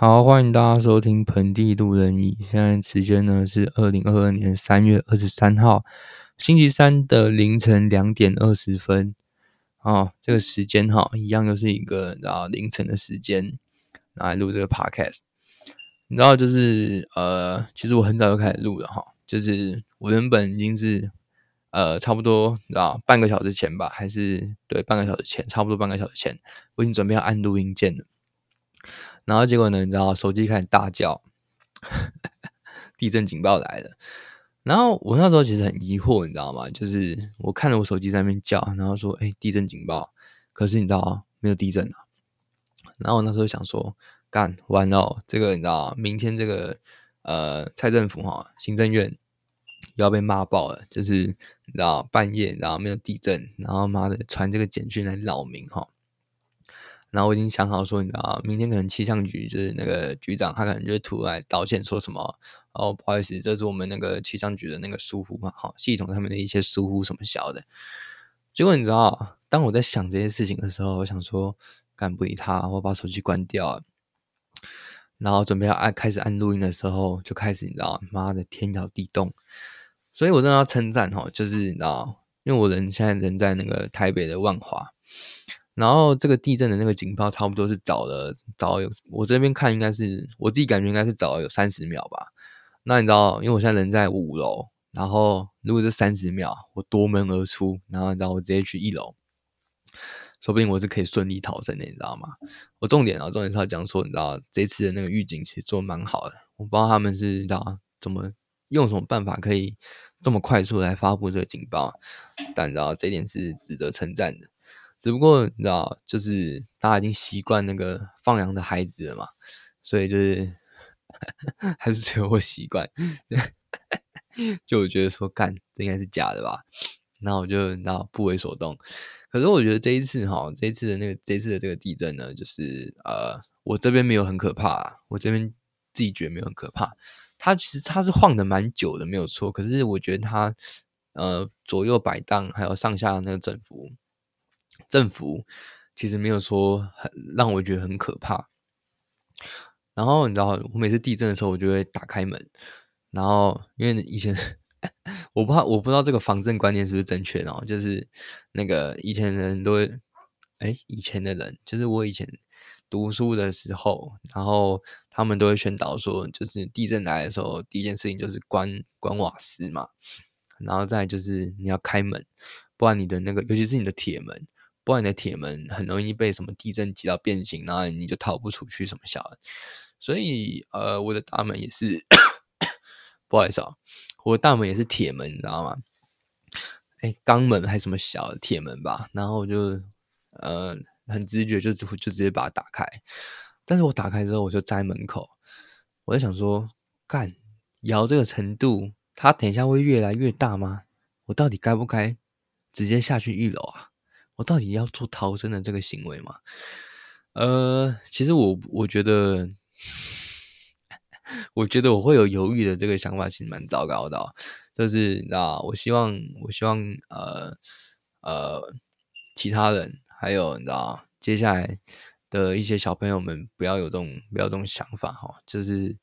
好，歡迎大家收聽《盆地路人乙》。現在時間呢是二零二二年三月二十三號星期三的凌晨兩點二十分。哦，這個時間哈，一樣又是一個啊凌晨的時間來錄這個 podcast。你知道，就是呃，其實我很早就開始錄了哈，就是我原本已經是呃差不多啊半個小時前吧，還是對半個小時前，差不多半個小時前，我已經準備要按錄音鍵了。然後結果呢，你知道，手機開始大叫呵呵，地震警報來了。然後我那時候其實很疑惑，你知道嗎？就是我看着我手機在那邊叫，然後說：“哎、欸，地震警報。”可是你知道沒有地震啊？然後我那時候想說，幹完了、no? 這個，你知道，明天這個呃，蔡政府哈，行政院又要被罵爆了。就是你知道半夜，然後沒有地震，然後媽的傳這個簡訊來擾民哈。然後我已經想好說，你知道明天可能氣象局就是那個局長，他可能就出來道歉，說什麼哦，然後不好意思，這是我們那個氣象局的那個疏忽嘛，好，系統上面的一些疏忽什麼小的。結果你知道，當我在想這些事情的時候，我想說，幹不理他，我把手機關掉。然後準備要按開始按錄音的時候，就開始你知道，媽的，天搖地動。所以我真的要稱讚哈，就是你知道，因為我人現在人在那個台北的萬華。然後這個地震的那個警報差不多是早了早了有，我這邊看應該是我自己感覺應該是早了有三十秒吧。那你知道，因為我現在人在五樓，然後如果是三十秒，我奪門而出，然後你知道我直接去一樓，說不定我是可以順利逃生的，你知道嗎？我重點啊，重點是要講說，你知道這次的那個預警其實做的蠻好的，我不知道他們是知道怎麼用什麼辦法可以這麼快速來發布這個警報，但你知道這一點是值得稱讚的。只不過你知道，就是大家已經習慣那個放羊的孩子了嘛，所以就是 還是只有我習慣。 就我覺得說，幹這應該是假的吧？那我就你知道不為所動。可是我覺得這一次哈、哦，這一次的那個這次的這個地震呢，就是呃，我這邊沒有很可怕、啊，我這邊自己覺得沒有很可怕。他其實他是晃的蠻久的，沒有錯。可是我覺得他呃左右擺盪，還有上下那個振幅。政府其實沒有說很讓我覺得很可怕。然後你知道，我每次地震的時候，我就會打開門。然後因為以前我怕，我不知道這個防震觀念是不是正確。然後就是那個以前的人都會，哎、欸，以前的人就是我以前讀書的時候，然後他們都會宣導說，就是地震來的時候，第一件事情就是關關瓦斯嘛。然後再就是你要開門，不然你的那個，尤其是你的鐵門。外面的鐵門很容易被什麼地震擠到變形，然後你就逃不出去什麼小的。所以，呃，我的大門也是， 不好意思啊、哦，我的大門也是鐵門，你知道嗎？哎、欸，鋼門還是什麼小鐵門吧。然後我就，呃，很直覺就就直接把它打開。但是我打開之後，我就在門口，我在想說，幹，搖這個程度，它等一下會越來越大嗎？我到底該不該直接下去一樓啊？我到底要做逃生的這個行為嗎？呃，其實我我覺得，我覺得我會有猶豫的這個想法，其實蠻糟糕的哦。就是啊，我希望我希望呃呃，其他人還有你知道，接下來的一些小朋友們不要有這種不要這種想法哈哦。就是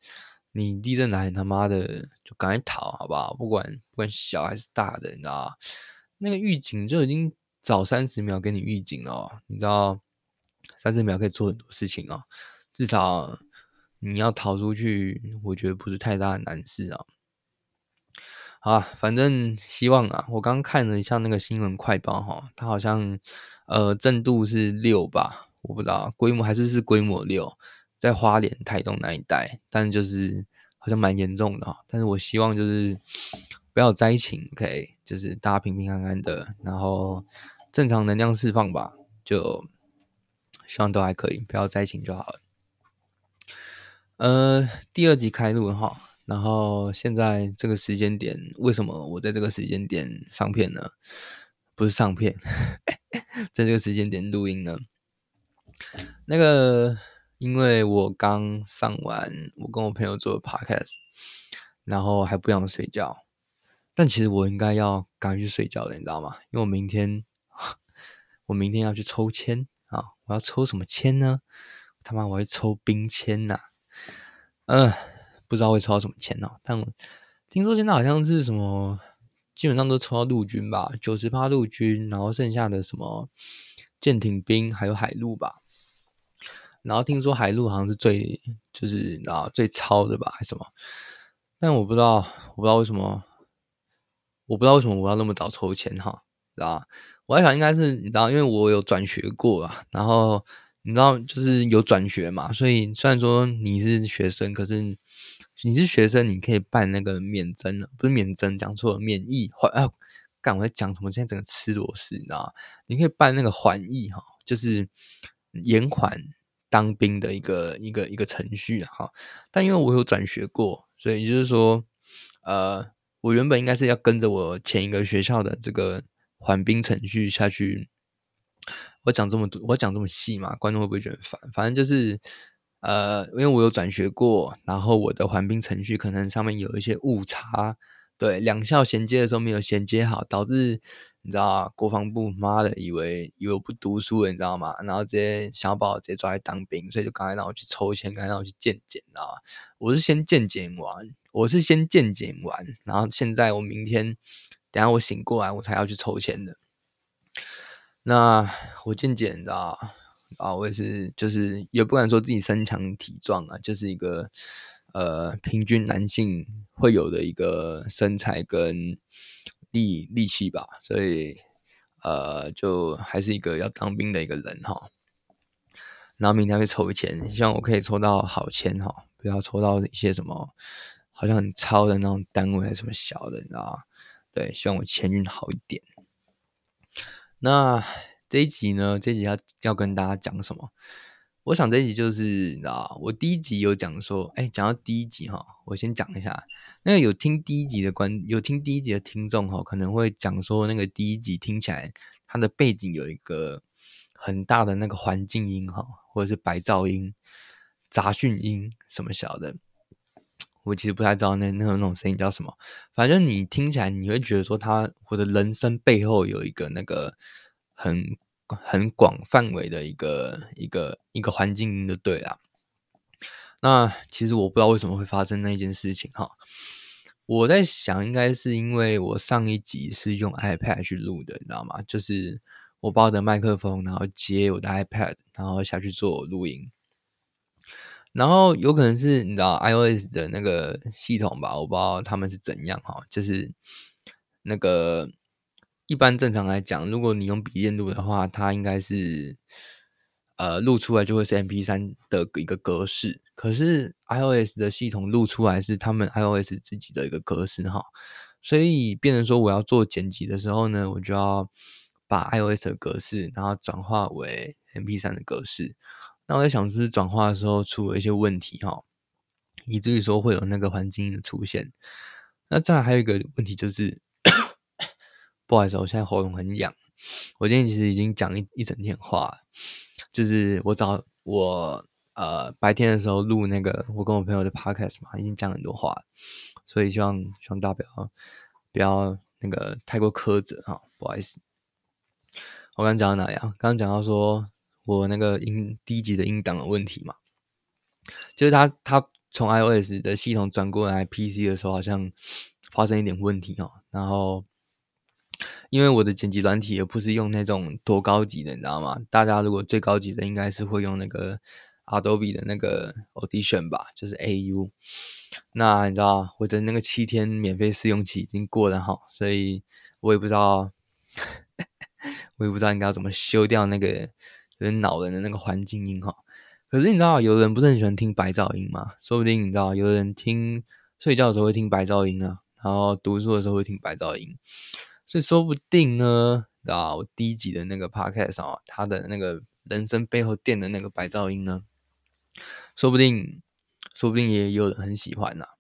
你地震來他媽的就趕緊逃，好不好？不管不管小還是大的，你知道，那個預警就已經。早三十秒給你預警哦，你知道，三十秒可以做很多事情哦，至少你要逃出去，我覺得不是太大的難事啊、哦。啊，反正希望啊，我剛剛看了一下那個新聞快報哈、哦，它好像呃震度是六吧，我不知道規模還是是規模六，在花蓮台東那一帶，但是就是好像蠻嚴重的、哦。但是我希望就是不要災情，可以就是大家平平安安的，然後。正常能量釋放吧，就希望都還可以，不要災情就好了。呃，第二集開錄哈，然後現在這個時間點，為什麼我在這個時間點上片呢？不是上片， 在這個時間點錄音呢。那個，因為我剛上完，我跟我朋友做 podcast，然後還不想睡覺，但其實我應該要趕去睡覺的，你知道嗎？因為我明天。我明天要去抽籤啊！我要抽什麼籤呢？他媽，我要抽兵籤吶、啊！嗯、呃，不知道會抽到什麼籤呢、啊？但聽說現在好像是什麼，基本上都抽到陸軍吧，九十八陸軍，然後剩下的什麼艦艇兵還有海陸吧。然後聽說海陸好像是最就是啊最超的吧，還是什麼？但我不知道，我不知道為什麼，我不知道為什麼我要那麼早抽籤哈，啊！我在想應該是，你知道，因為我有轉學過啊。然後你知道，就是有轉學嘛，所以雖然說你是學生，可是你是學生，你可以辦那個免徵不是免徵，講錯了，免役。還啊！幹、呃、我在講什麼？現在整個吃螺絲，你知道？你可以辦那個緩役哈，就是延緩當兵的一個一個一個程序哈、啊。但因為我有轉學過，所以就是說，呃，我原本應該是要跟着我前一個學校的這個。緩兵程序下去，我講這麼多，我講這麼細嘛？觀眾會不會覺得很煩？反正就是，呃，因為我有轉學過，然後我的緩兵程序可能上面有一些誤差，對，兩校銜接的時候沒有銜接好，導致你知道國防部媽的以為以為我不讀書了，你知道嗎？然後直接想把我直接抓來當兵，所以就剛才讓我去抽籤，剛才讓我去健檢，你知道嗎？我是先健檢完，我是先健檢完，然後現在我明天。然後我醒過來，我才要去抽籤的。那我健檢的知道啊，我也是，就是也不敢說自己身強體壯啊，就是一個呃平均男性會有的一個身材跟力力氣吧。所以呃，就還是一個要當兵的一個人哈。然後明天去抽籤，希望我可以抽到好籤哈，不要抽到一些什麼好像很操的那種單位，還是什麼小的，你知道嗎？對，希望我前運好一點。那這一集呢？這一集要要跟大家講什麼？我想這一集就是，啊，我第一集有講說，哎、欸，講到第一集哈，我先講一下。那個有聽第一集的觀，有聽第一集的聽眾哈，可能會講說，那個第一集聽起來它的背景有一個很大的那個環境音哈，或者是白噪音、雜訊音什麼小的。我其實不太知道那那種那種聲音叫什麼，反正你聽起來你會覺得說他我的人聲背後有一個那個很很廣範圍的一個一個一個環境音就對了。那其實我不知道為什麼會發生那一件事情哈，我在想應該是因為我上一集是用 iPad 去錄的，你知道嗎？就是我抱著麥克風，然後接我的 iPad，然後下去做錄音。然後有可能是你知道 iOS 的那個系統吧，我不知道他們是怎樣哈，就是那個一般正常來講，如果你用筆電錄的話，它應該是呃錄出來就會是 MP3 的一個格式。可是 iOS 的系統錄出來是他們 iOS 自己的一個格式哈，所以變成說我要做剪輯的時候呢，我就要把 iOS 的格式，然後轉化為 MP3 的格式。那我在想，就是轉化的時候出了一些問題哈，以至於說會有那個環境的出現。那再來還有一個問題就是， 不好意思，我現在喉嚨很癢。我今天其實已經講一一整天話，就是我早我呃白天的時候錄那個我跟我朋友的 podcast 嘛，已經講很多話了，所以希望希望大家不要，不要那個太過苛責哈，不好意思。我剛講到哪呀？啊？剛講到說。我那個音低級的音檔的問題嘛，就是它它從 iOS 的系統轉過來 PC 的時候，好像發生一點問題哦。然後，因為我的剪輯軟體也不是用那種多高級的，你知道嗎？大家如果最高級的，應該是會用那個 Adobe 的那個 Audition 吧，就是 AU。那你知道我的那個七天免費試用期已經過了哈，所以我也不知道， 我也不知道應該要怎麼修掉那個。有點惱人的那個環境音哈、哦，可是你知道有的人不是很喜歡聽白噪音嗎？說不定你知道有的人聽睡覺的時候會聽白噪音啊，然後讀書的時候會聽白噪音，所以說不定呢，那我第一集的那個 podcast 上啊，他的那個人聲背後墊的那個白噪音呢，說不定，說不定也有人很喜歡呢、啊。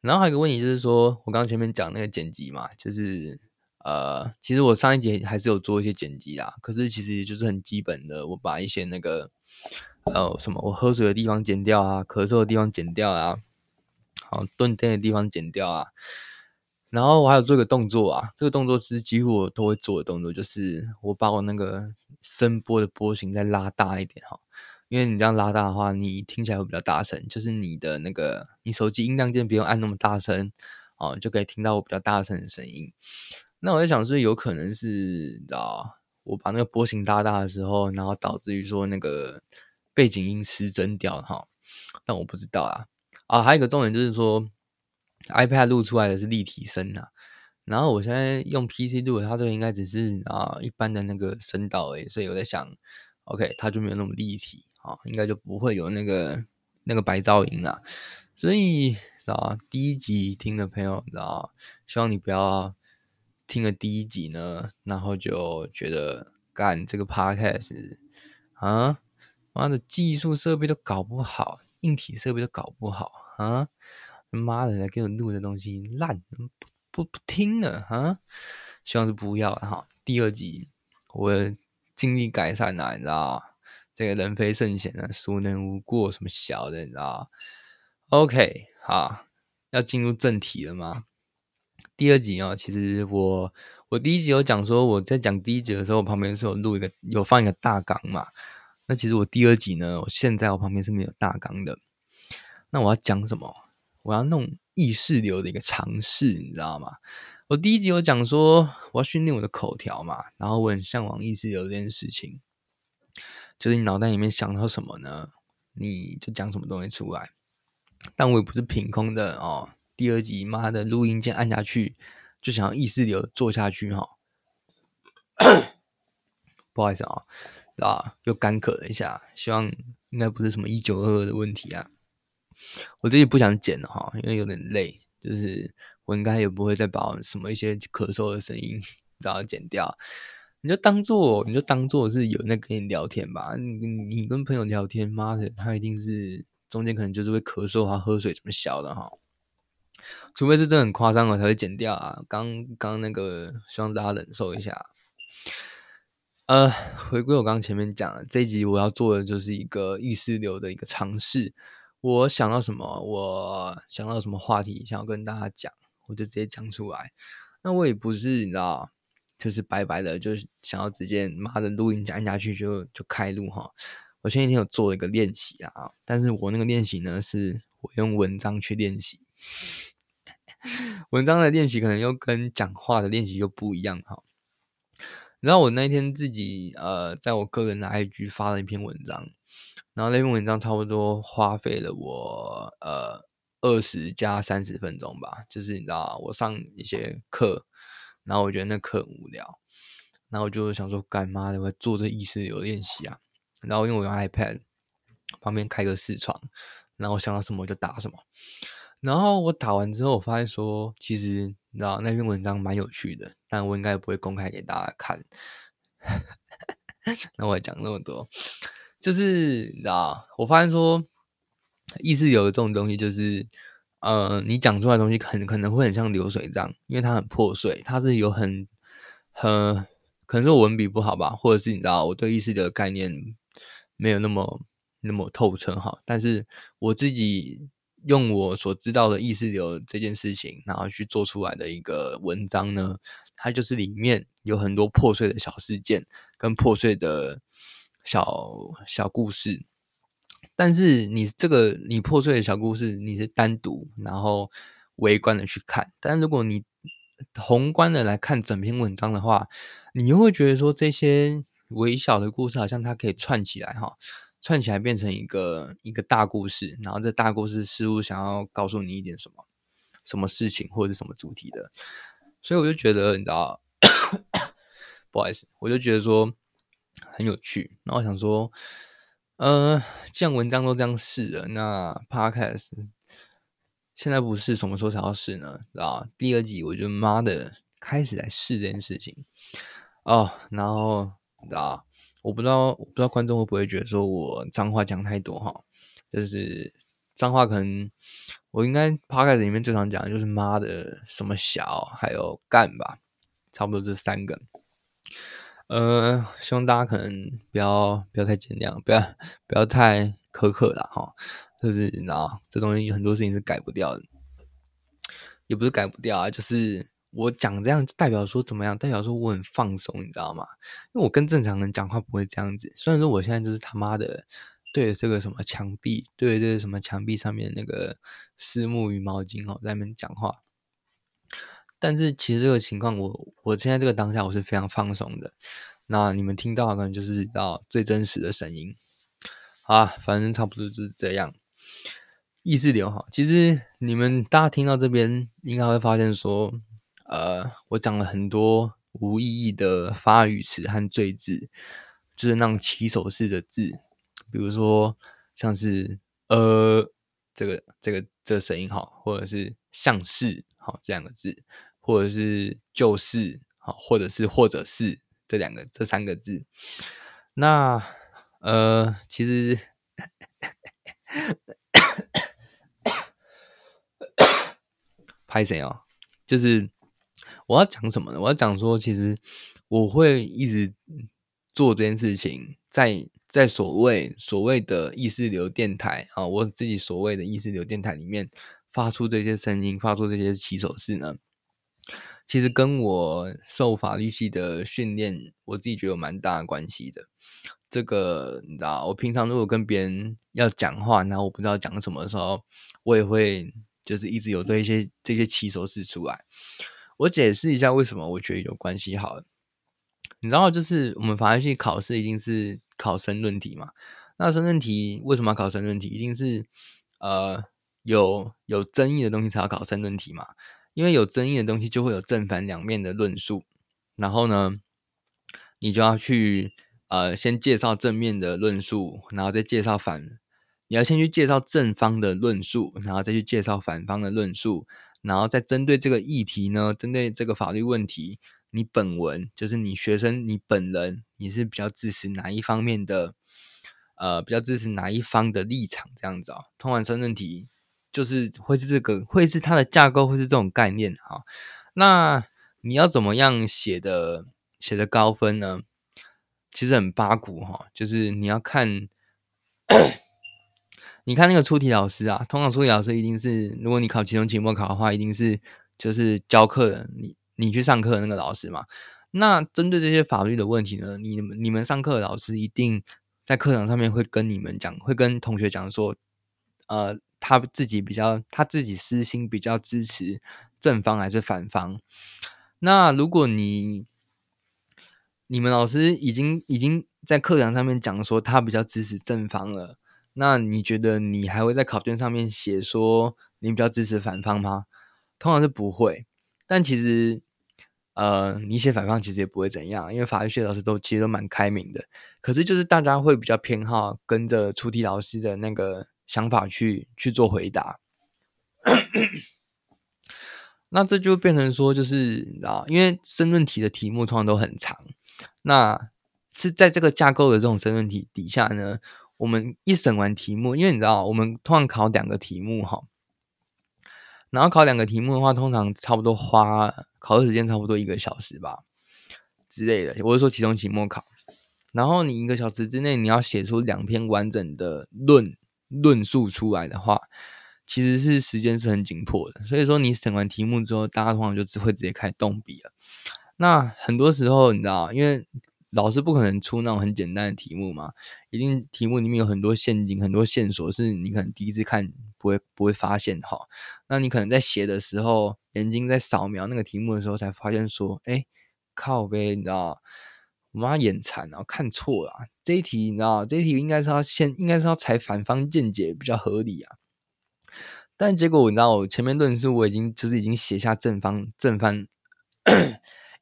然後還有一個問題就是說，我剛前面講那個剪輯嘛，就是。呃，其實我上一集還是有做一些剪輯啦。可是其實就是很基本的，我把一些那個呃什麼我喝水的地方剪掉啊，咳嗽的地方剪掉啊，好，斷電的地方剪掉啊，然後我還有做一個動作啊，這個動作是幾乎我都會做的動作，就是我把我那個聲波的波形再拉大一點哈，因為你這樣拉大的話，你聽起來會比較大聲，就是你的那個你手機音量鍵不用按那麼大聲哦，就可以聽到我比較大聲的聲音。那我在想，是有可能是知道我把那個波形大大的時候，然後導致於說那個背景音失真掉哈。但我不知道啊啊，還有一個重點就是說，iPad 錄出來的是立體聲啊。然後我現在用 PC 錄，它就應該只是啊一般的那個聲道誒、欸。所以我在想，OK，它就沒有那麼立體啊，應該就不會有那個那個白噪音啦。所以啊，第一集聽的朋友，知道，希望你不要。聽了第一集呢，然後就覺得幹這個 podcast 啊，媽的技術設備都搞不好，硬體設備都搞不好啊，媽的，給我錄的東西爛，不不，不，不聽了啊，希望是不要了哈。第二集我盡力改善了，你知道，這個人非聖賢啊，孰能無過？什麼小的，你知道？OK，好，要進入正題了嗎？第二集啊、哦，其實我我第一集有講說，我在講第一集的時候，我旁邊是有錄一個有放一個大綱嘛。那其實我第二集呢，我現在我旁邊是沒有大綱的。那我要講什麼？我要弄意識流的一個嘗試，你知道嗎？我第一集有講說，我要訓練我的口條嘛，然後我很向往意識流的這件事情，就是你腦袋裡面想到什麼呢，你就講什麼東西出來。但我也不是憑空的哦。第二集，媽的，錄音鍵按下去，就想要意識流做下去哈、哦。 不好意思啊，啊、哦，又乾咳了一下，希望應該不是什麼一九二二的問題啊。我自己不想剪了哈、哦，因為有點累，就是我應該也不會再把什麼一些咳嗽的聲音，然後剪掉。你就當做，你就當做是有在跟你聊天吧你。你跟朋友聊天，媽的，他一定是中間可能就是會咳嗽啊，喝水什麼小的哈。哦除非是真的很誇張，我才會剪掉啊！剛剛那個，希望大家忍受一下。呃，回歸我剛剛前面講的，這一集我要做的就是一個意識流的一個嘗試。我想到什麼，我想到什麼話題想要跟大家講，我就直接講出來。那我也不是你知道，就是白白的，就是想要直接拿著錄音按下去就就開錄哈。我前幾天有做了一個練習啊，但是我那個練習呢，是我用文章去練習。 文章的練習可能又跟講話的練習又不一樣哈。然後我那一天自己呃，在我個人的 IG 發了一篇文章，然後那篇文章差不多花費了我呃二十加三十分鐘吧。就是你知道，我上一些課，然後我覺得那課無聊，然後我就想說，幹嘛的，我做這意識流練習啊。然後因為我用 iPad，旁邊開個視窗，然後想到什麼就打什麼。然後我打完之後，我發現說，其實你知道那篇文章蠻有趣的，但我應該不會公開給大家看。 那我講那麼多，就是你知道，我發現說意識流的這種東西，就是呃，你講出來的東西很可能會很像流水賬，因為它很破碎，它是有很很可能是我文筆不好吧，或者是你知道我對意識流的概念沒有那麼那麼透徹哈。但是我自己，用我所知道的意識流這件事情，然後去做出來的一個文章呢，它就是裡面有很多破碎的小事件跟破碎的小小故事。但是你這個你破碎的小故事，你是單獨然後微觀的去看，但如果你宏觀的來看整篇文章的話，你又會覺得說，這些微小的故事好像它可以串起來哈。串起來變成一個一個大故事，然後這大故事似乎想要告訴你一點什麼，什麼事情或者是什麼主題的，所以我就覺得你知道， 不好意思，我就覺得說很有趣，然後想說，呃，這樣文章都這樣試了，那 Podcast 現在不是什麼時候才要試呢？知道？第二集我就媽的開始來試這件事情哦，然後你知道。我不知道，我不知道觀眾會不會覺得說我髒話講太多哈，就是髒話可能我應該 podcast 裡面最常講的就是媽的什麼小還有幹吧，差不多這三個，呃，希望大家可能不要不要太見諒，不要不要太苛刻了哈，就是你知道，這東西有很多事情是改不掉的，也不是改不掉啊，就是。我講這樣代表說怎麼樣？代表說我很放鬆，你知道嗎？因為我跟正常人講話不會這樣子。雖然說我現在就是他媽的對着這個什麼牆壁，對着這個什麼牆壁上面那個虱目魚毛巾哦，在那邊講話。但是其實這個情況，我我現在這個當下我是非常放鬆的。那你們聽到可能就是到最真實的聲音啊，反正差不多就是這樣。意識流好，其實你們大家聽到這邊應該會發現說。呃，我講了很多無意義的發語詞和贅字，就是那種起手式的字，比如說像是“呃”這個這個這個聲音好，或者是“像是”好這兩個字，或者是“就是”好，或者是“或者是”這兩個這三個字。那呃，其實拍誰啊？就是。我要講什麼呢？我要講說，其實我會一直做這件事情在，在在所謂所謂的意識流電台啊，我自己所謂的意識流電台裡面發出這些聲音，發出這些起手式呢。其實跟我受法律系的訓練，我自己覺得有蠻大的關係的。這個你知道，我平常如果跟別人要講話，然後我不知道講什麼的時候，我也會就是一直有這一些這些起手式出來。我解釋一下為什麼我覺得有關係。好，你知道，就是我們法律系考試一定是考申論題嘛？那申論題為什麼要考申論題？一定是呃有有爭議的東西才要考申論題嘛？因為有爭議的東西就會有正反兩面的論述，然後呢，你就要去呃先介紹正面的論述，然後再介紹反，你要先去介紹正方的論述，然後再去介紹反方的論述。然後再針對這個議題呢，針對這個法律問題，你本文就是你學生，你本人，你是比較支持哪一方面的？呃，比較支持哪一方的立場這樣子哦。通常申論題就是會是這個，會是它的架構，會是這種概念哈、哦。那你要怎麼樣寫的寫的高分呢？其實很八股哈、哦，就是你要看。 你看那個出題老師啊，通常出題老師一定是，如果你考期中、期末考的話，一定是就是教課的你，你去上課的那個老師嘛。那針對這些法律的問題呢，你們你們上課的老師一定在課堂上面會跟你們講，會跟同學講說，呃，他自己比較他自己私心比較支持正方還是反方。那如果你你們老師已經已經在課堂上面講說他比較支持正方了。那你覺得你還會在考卷上面寫說你比較支持反方嗎？通常是不會，但其實，呃，你寫反方其實也不會怎樣，因為法律系老師都其實都蠻開明的。可是就是大家會比較偏好跟着出題老師的那個想法去去做回答。 那這就變成說，就是你知道，因為申論題的題目通常都很長，那是在這個架構的這種申論題底下呢。我們一審完題目，因為你知道，我們通常考兩個題目哈，然後考兩個題目的話，通常差不多花考的時間差不多一個小時吧之類的。我是說，期中、期末考，然後你一個小時之內你要寫出兩篇完整的論論述出來的話，其實是時間是很緊迫的。所以說，你審完題目之後，大家通常就只會直接開動筆了。那很多時候，你知道，因為老師不可能出那種很簡單的題目嘛，一定題目裡面有很多陷阱，很多線索是你可能第一次看不會不會發現哈。那你可能在寫的時候，眼睛在掃描那個題目的時候才發現說，誒，靠杯，你知道，我媽眼殘然後、啊、看錯了、啊。這一題你知道這一題應該是要先，應該是要採反方見解比較合理啊。但結果你知道，我前面論述我已經就是已經寫下正方正方。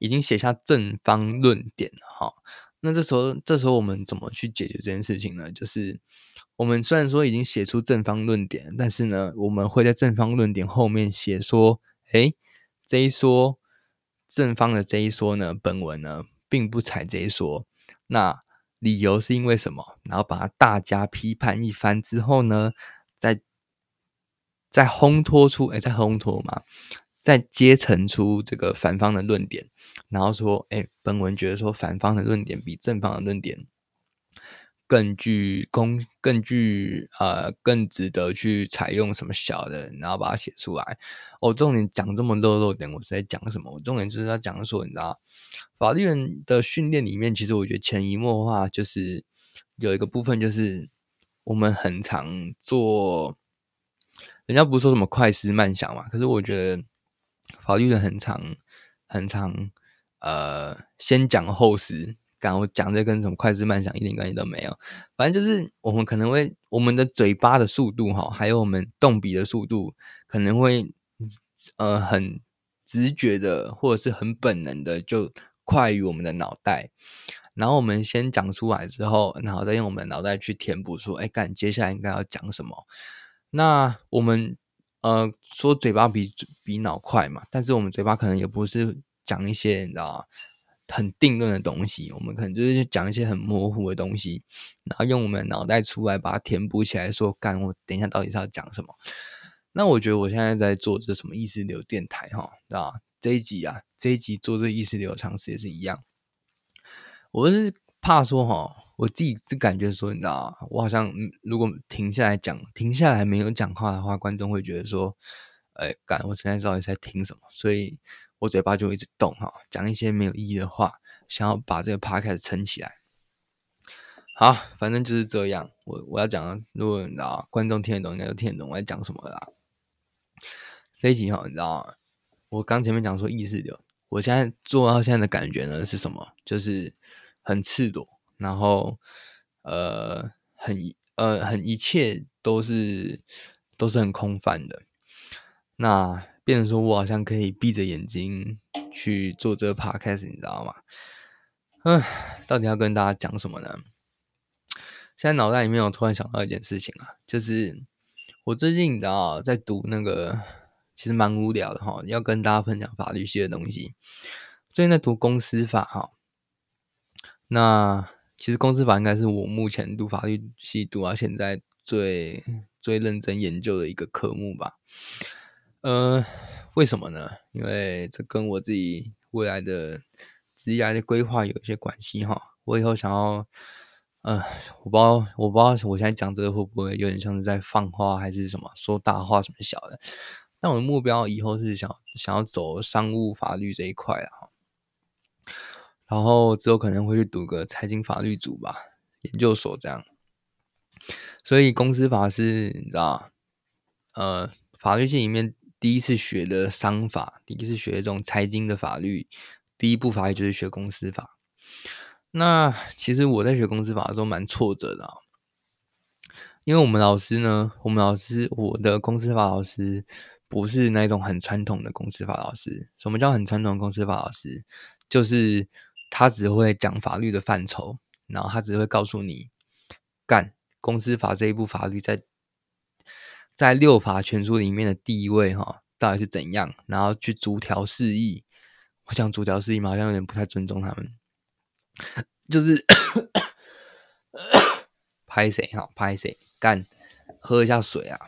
已經寫下正方論點了，哈，那這時候這時候我們怎麼去解決這件事情呢？就是我們雖然說已經寫出正方論點，但是呢，我們會在正方論點後面寫說，誒，這一說正方的這一說呢，本文呢並不採這一說，那理由是因為什麼？然後把它大加批判一番之後呢，再再烘托出，誒再烘托嘛。再階層出這個反方的論點，然後說：“哎，本文覺得說反方的論點比正方的論點更具公更具呃更值得去採用什麼小的，然後把它寫出來。哦”我重點講這麼漏漏點，我是在講什麼？我重點就是要講說，你知道法律人的訓練裡面，其實我覺得潛移默化就是有一個部分，就是我們很常做，人家不是說什麼快思慢想嘛，可是我覺得。法律人很常，很常，呃，先講後實。剛我講這跟什麼快思慢想一點關係都沒有。反正就是我們可能會，我們的嘴巴的速度哈，還有我們動筆的速度，可能會呃很直覺的，或者是很本能的，就快於我們的腦袋。然後我們先講出來之後，然後再用我們的腦袋去填補說，哎，感覺接下來應該要講什麼。那我們。呃，說嘴巴比比腦快嘛，但是我們嘴巴可能也不是講一些你知道很定論的東西，我們可能就是講一些很模糊的東西，然後用我們的腦袋出來把它填補起來說，說幹我等一下到底是要講什麼？那我覺得我現在在做這什麼意識流電台哈，啊，這一集啊，這一集做這意識流嘗試也是一樣，我是怕說哈。我自己是感覺說，你知道，我好像如果停下來講，停下來沒有講話的話，觀眾會覺得說，哎、欸，幹，我現在到底在聽什麼？所以，我嘴巴就一直動哈，講一些沒有意義的話，想要把這個趴開始撐起來。好，反正就是這樣。我我要講，如果你知道觀眾聽得懂，應該都聽得懂我在講什麼啦。這一集哈，你知道，我剛前面講說意識流，我現在做到現在的感覺呢是什麼？就是很赤裸。然後，呃，很呃，很一切都是都是很空泛的。那變成說我好像可以閉着眼睛去做這個 Podcast，你知道嗎？嗯，到底要跟大家講什麼呢？現在腦袋裡面我突然想到一件事情啊，就是我最近你知道在讀那個，其實蠻無聊的哈，要跟大家分享法律系的東西。最近在讀公司法哈，那。其實公司法應該是我目前讀法律系讀到現在最最認真研究的一個科目吧。呃，為什麼呢？因為這跟我自己未來的職業來的規劃有一些關係哈。我以後想要，呃，我不知道，我不知道我現在講這個會不會有點像是在放話還是什麼，說大話什麼小的。但我的目標以後是想想要走商務法律這一塊啊。然後之後可能會去讀個財經法律組吧，研究所這樣。所以公司法是你知道，呃，法律系裡面第一次學的商法，第一次學這種財經的法律，第一步法律就是學公司法。那其實我在學公司法的時候蠻挫折的啊，因為我們老師呢，我們老師我的公司法老師不是那種很傳統的公司法老師。什麼叫很傳統公司法老師？就是他只會講法律的範疇，然後他只會告訴你，干公司法這一部法律在在六法全書裡面的地位哈，到底是怎樣，然後去逐條釋義。我想逐條釋義嘛，好像有點不太尊重他們，就是拍謝哈，拍謝 幹，喝一下水啊。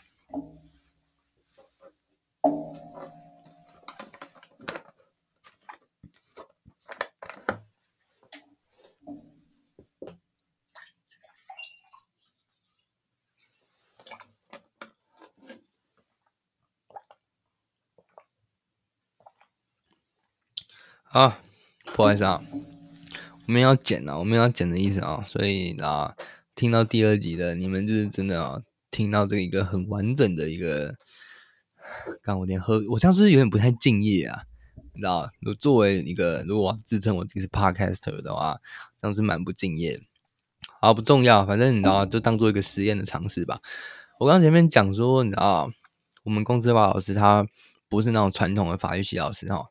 啊，不好意思啊，我們要剪了、啊，我們要剪的意思啊，所以啊，聽到第二集的你們就是真的啊，聽到這個一個很完整的一個。剛我連喝，我像是有點不太敬業啊，你知道、啊，我作為一個如果自稱我自己是 podcaster 的話，像是蠻不敬業的。好，不重要，反正你知道、啊，就當做一個實驗的嘗試吧。我剛前面講說，你知道、啊，我們公司法老師他不是那種傳統的法律系老師哈、啊。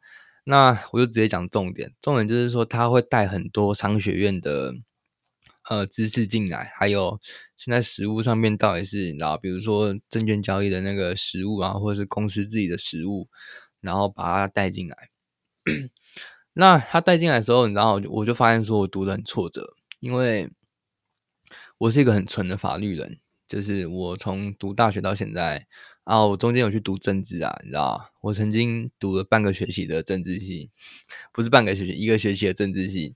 那我就直接講重點，重點就是說他會帶很多商學院的呃知識進來，還有現在實務上面到底是，然後比如說證券交易的那個實務啊，或者是公司自己的實務，然後把它帶進來。 那他帶進來的時候，你知道，我就，我就發現說我讀的很挫折，因為我是一個很純的法律人，就是我從讀大學到現在。啊，我中間有去讀政治啊，你知道，我曾經讀了半個學期的政治系，不是半個學期，一個學期的政治系，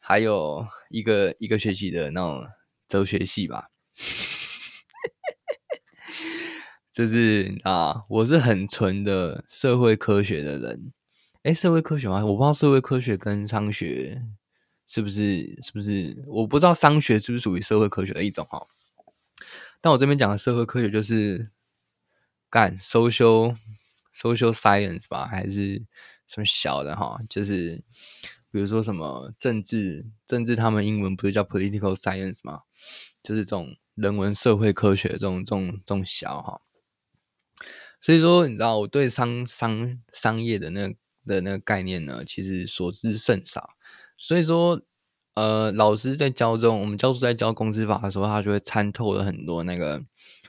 還有一個一個學期的那種哲學系吧。 就是啊，我是很純的社會科學的人。誒，社會科學嗎？我不知道社會科學跟商學是不是是不是？我不知道商學是不是屬於社會科學的一種哈、啊。但我這邊講的社會科學就是。幹 social social science 吧，還是什麼小的哈？就是比如說什麼政治政治，他們英文不是叫 political science 嗎？就是這種人文社會科學這種這種這種小哈。所以說，你知道我對商商商業的那個、的那個概念呢，其實所知甚少。所以說，呃，老師在教這種我們教授在教公司法的時候，他就會參透了很多那個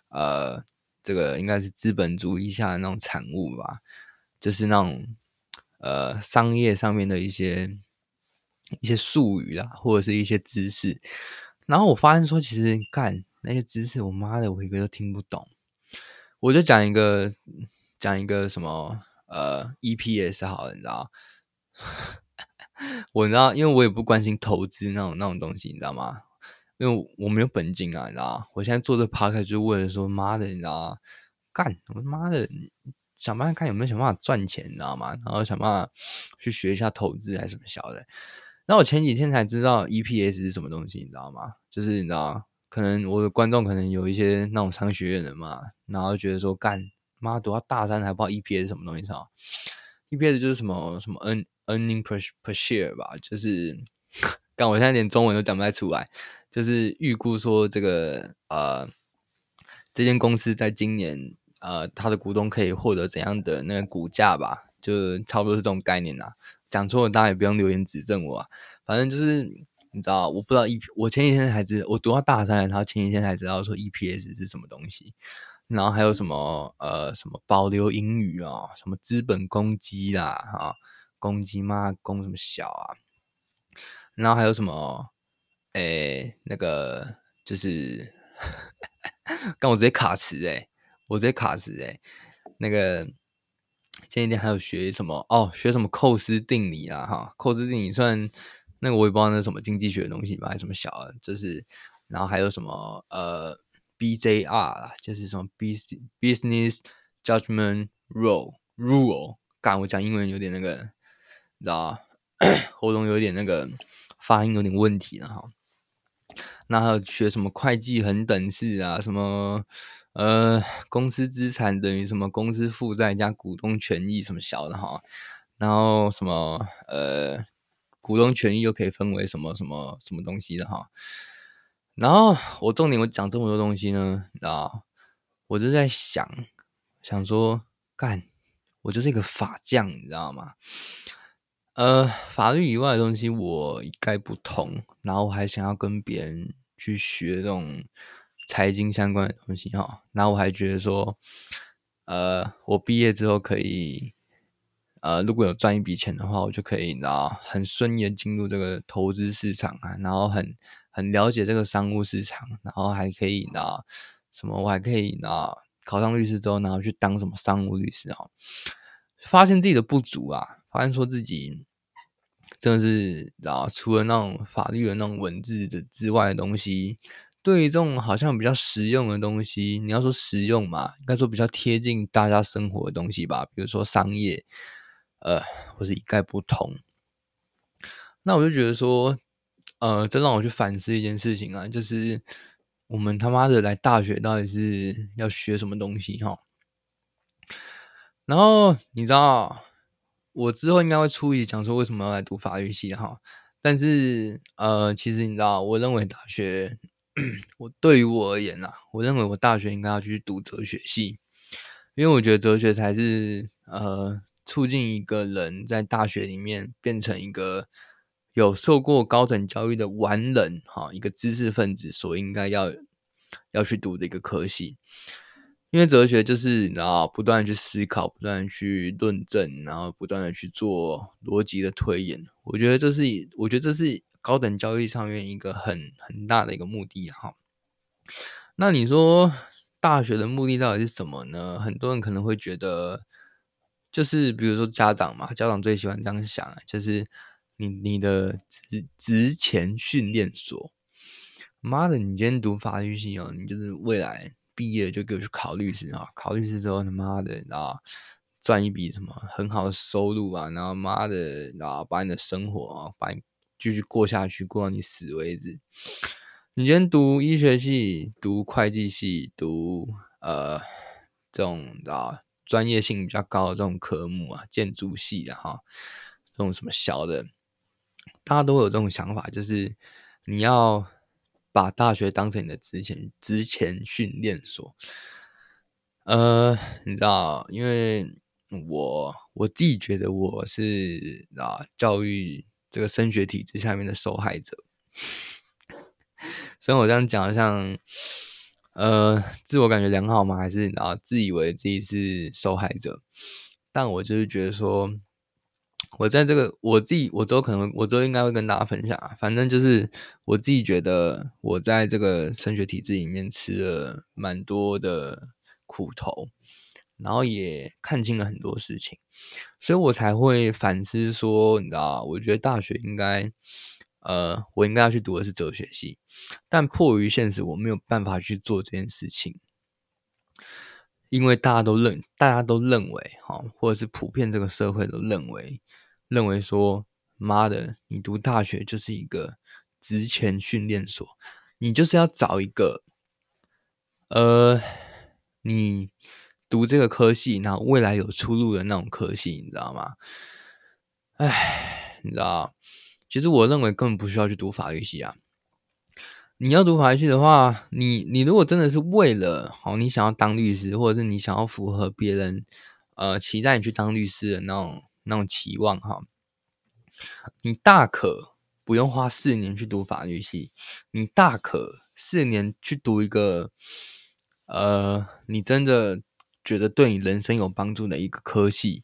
呃。這個應該是資本主義下的那種產物吧，就是那種呃商業上面的一些一些術語啦，或者是一些知識。然後我發現說，其實幹那些知識，我媽的，我一個都聽不懂。我就講一個講一個什麼呃 EPS 好的，你知道？ 我知道，因為我也不關心投資那種那種東西，你知道嗎？因為我，我沒有本金啊，你知道？我現在做這 park 就是為了說，媽的，你知道？幹，我他媽的，想辦法看有沒有想辦法賺錢，你知道嗎？然後想辦法去學一下投資還是什麼小的。那我前幾天才知道 EPS 是什麼東西，你知道嗎？就是你知道，可能我的觀眾可能有一些那種商學院的嘛，然後覺得說，幹媽讀到大三還不知道 EPS 是什麼東西吧 EPS 就是什麼什麼 earning per per share 吧，就是幹我現在連中文都講不太出來。就是預估說這個呃，這間公司在今年呃，它的股東可以獲得怎樣的那個股價吧，就差不多是這種概念吶、啊。講錯了，大家也不用留言指正我啊。反正就是你知道，我不知道 EP，我前幾天才知道我讀到大三，然後前幾天才知道說 EPS 是什麼東西，然後還有什麼呃什麼保留盈餘啊、哦，什麼資本公積啦啊，公積嘛公什麼小啊，然後還有什麼。誒、欸，那個就是，剛我直接卡詞誒，我直接卡詞誒、欸欸，那個前幾天還有學什麼哦，學什麼寇斯定理啊哈，寇斯定理算那個我也不知道那什麼經濟學的東西吧，還是什麼小的，就是然後還有什麼呃 BJR 啦，就是什麼 B business judgment rule rule，剛我講英文有點那個，你知道 喉嚨有點那個發音有點問題了哈。那還有學什麼會計恆等式啊？什麼呃，公司資產等於什麼公司負債加股東權益什麼小的哈？然後什麼呃，股東權益又可以分為什麼什麼什麼什麼東西的哈？然後我重點我講這麼多東西呢，你知道，我就在想，想說幹，我就是一個法匠，你知道嗎？呃，法律以外的東西我一概不通，然後我還想要跟別人去學這種財經相關的東西哈、哦。然後我還覺得說，呃，我畢業之後可以，呃，如果有賺一筆錢的話，我就可以拿很順眼進入這個投資市場啊，然後很很了解這個商務市場，然後還可以拿什麼？我還可以拿考上律師之後，然後去當什麼商務律師啊，發現自己的不足啊，發現說自己。真的是啊，除了那種法律的那種文字的之外的東西，對於這種好像比較實用的東西，你要說實用嘛，應該說比較貼近大家生活的東西吧，比如說商業，呃，我是一概不通。那我就覺得說，呃，這讓我去反思一件事情啊，就是我們他媽的來大學到底是要學什麼東西哈、哦？然後你知道。我之後應該會出一集講說為什麼要來讀法律系哈，但是呃，其實你知道，我認為大學，我對於我而言啊，我認為我大學應該要去讀哲學系，因為我覺得哲學才是呃促進一個人在大學裡面變成一個有受過高等教育的完人哈，一個知識分子所應該要要去讀的一個科系。因為哲學就是你知道，不斷去思考，不斷去論證，然後不斷的去做邏輯的推演。我覺得這是，我覺得這是高等教育上面一個很很大的一個目的哈。那你說大學的目的到底是什麼呢？很多人可能會覺得，就是比如說家長嘛，家長最喜歡這樣想，就是你你的職職前訓練所，媽的，你今天讀法律系哦，你就是未來。畢業就給我去考律師啊！考律師之後，他媽的，然後賺一筆什麼很好的收入啊！然後媽的，然後把你的生活啊，把你繼續過下去，過到你死為止。你先讀醫學系、讀會計系、讀呃這種啊專業性比較高的這種科目啊，建築系的哈、啊，這種什麼小的，大家都會有這種想法，就是你要。把大學當成你的職前職前訓練所，呃，你知道，因為我我自己覺得我是啊，教育這個升學體制下面的受害者， 所以我這樣講像，呃，自我感覺良好嗎？還是啊，自以為自己是受害者？但我就是覺得說。我在這個我自己，我之後可能，我之後應該會跟大家分享。反正就是我自己覺得，我在這個升學體制裡面吃了蠻多的苦頭，然後也看清了很多事情，所以我才會反思說，你知道，我覺得大學應該，呃，我應該要去讀的是哲學系，但迫於現實，我沒有辦法去做這件事情，因為大家都認，大家都認為，哈，或者是普遍這個社會都認為。認為說，媽的，你讀大學就是一個職前訓練所，你就是要找一個，呃，你讀這個科系，然後未來有出路的那種科系，你知道嗎？哎，你知道，其實我認為根本不需要去讀法律系啊。你要讀法律系的話，你你如果真的是為了好，你想要當律師，或者是你想要符合別人呃期待你去當律師的那種。那種期望哈，你大可不用花四年去讀法律系，你大可四年去讀一個，呃，你真的覺得對你人生有幫助的一個科系，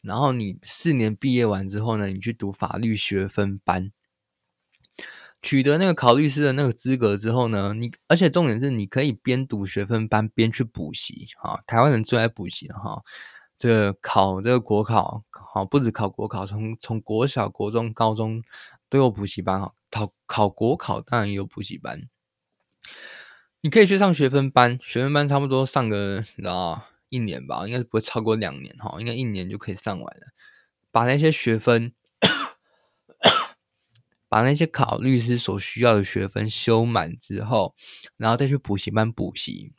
然後你四年畢業完之後呢，你去讀法律學分班，取得那個考律師的那個資格之後呢，你而且重點是你可以邊讀學分班邊去補習哈，台灣人最愛補習的哈。這考這個國考，好不止，考國考，從從國小、國中、高中都有補習班哈。考考國考當然也有補習班，你可以去上學分班，學分班差不多上個然後一年吧，應該是不會超過兩年哈，應該一年就可以上完了。把那些學分， 把那些考律師所需要的學分修滿之後，然後再去補習班補習。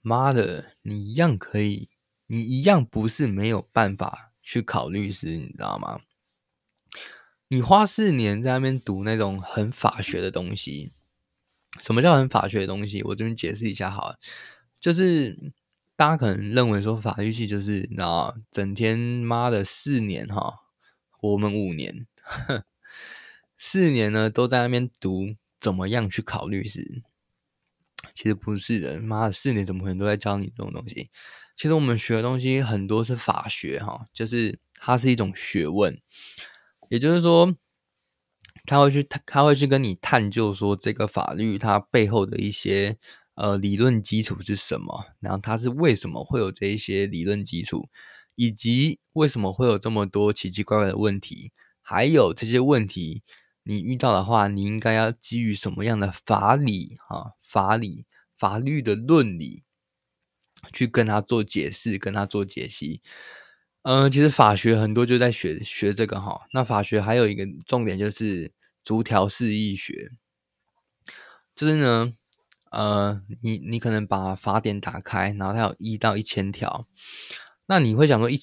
媽的，你一樣可以。你一樣不是沒有辦法去考律師，你知道嗎？你花四年在那邊讀那種很法學的東西，什麼叫很法學的東西？我這邊解釋一下，好了，就是大家可能認為說法律系就是那整天媽的四年哈，我們五年，哼，四年呢都在那邊讀怎麼樣去考律師？其實不是的，媽的四年怎麼可能都在教你這種東西？其實我們學的東西很多是法學哈，就是它是一種學問，也就是說，他會去他會去跟你探究說這個法律它背後的一些呃理論基礎是什麼，然後它是為什麼會有這一些理論基礎，以及為什麼會有這麼多奇奇怪怪的問題，還有這些問題你遇到的話，你應該要基於什麼樣的法理哈，法理，法律的論理。去跟他做解釋，跟他做解析。嗯、呃，其實法學很多就在學學這個哈。那法學還有一個重點就是逐條釋義學，就是呢，呃，你你可能把法典打開，然後它有一到一千條，那你會想說一，一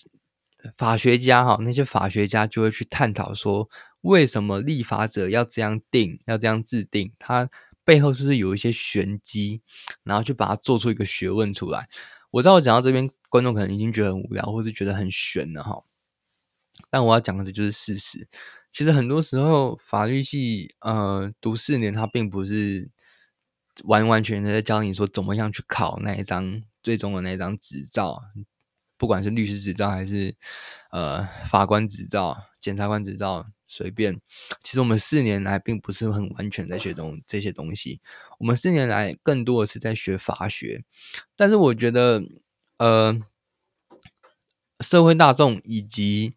法學家哈，那些法學家就會去探討說，為什麼立法者要這樣定，要這樣制定他。背後是不是有一些玄機，然後去把它做出一個學問出來？我知道，我講到這邊，觀眾可能已經覺得很無聊，或者覺得很玄了哈。但我要講的就是事實。其實很多時候，法律系呃讀四年，它並不是完完全全在教你說怎麼樣去考那一張最終的那一張執照，不管是律師執照還是呃法官執照、檢察官執照。隨便，其實我們四年來並不是很完全在學這種，這些東西。我們四年來更多的是在學法學，但是我覺得，呃，社會大眾以及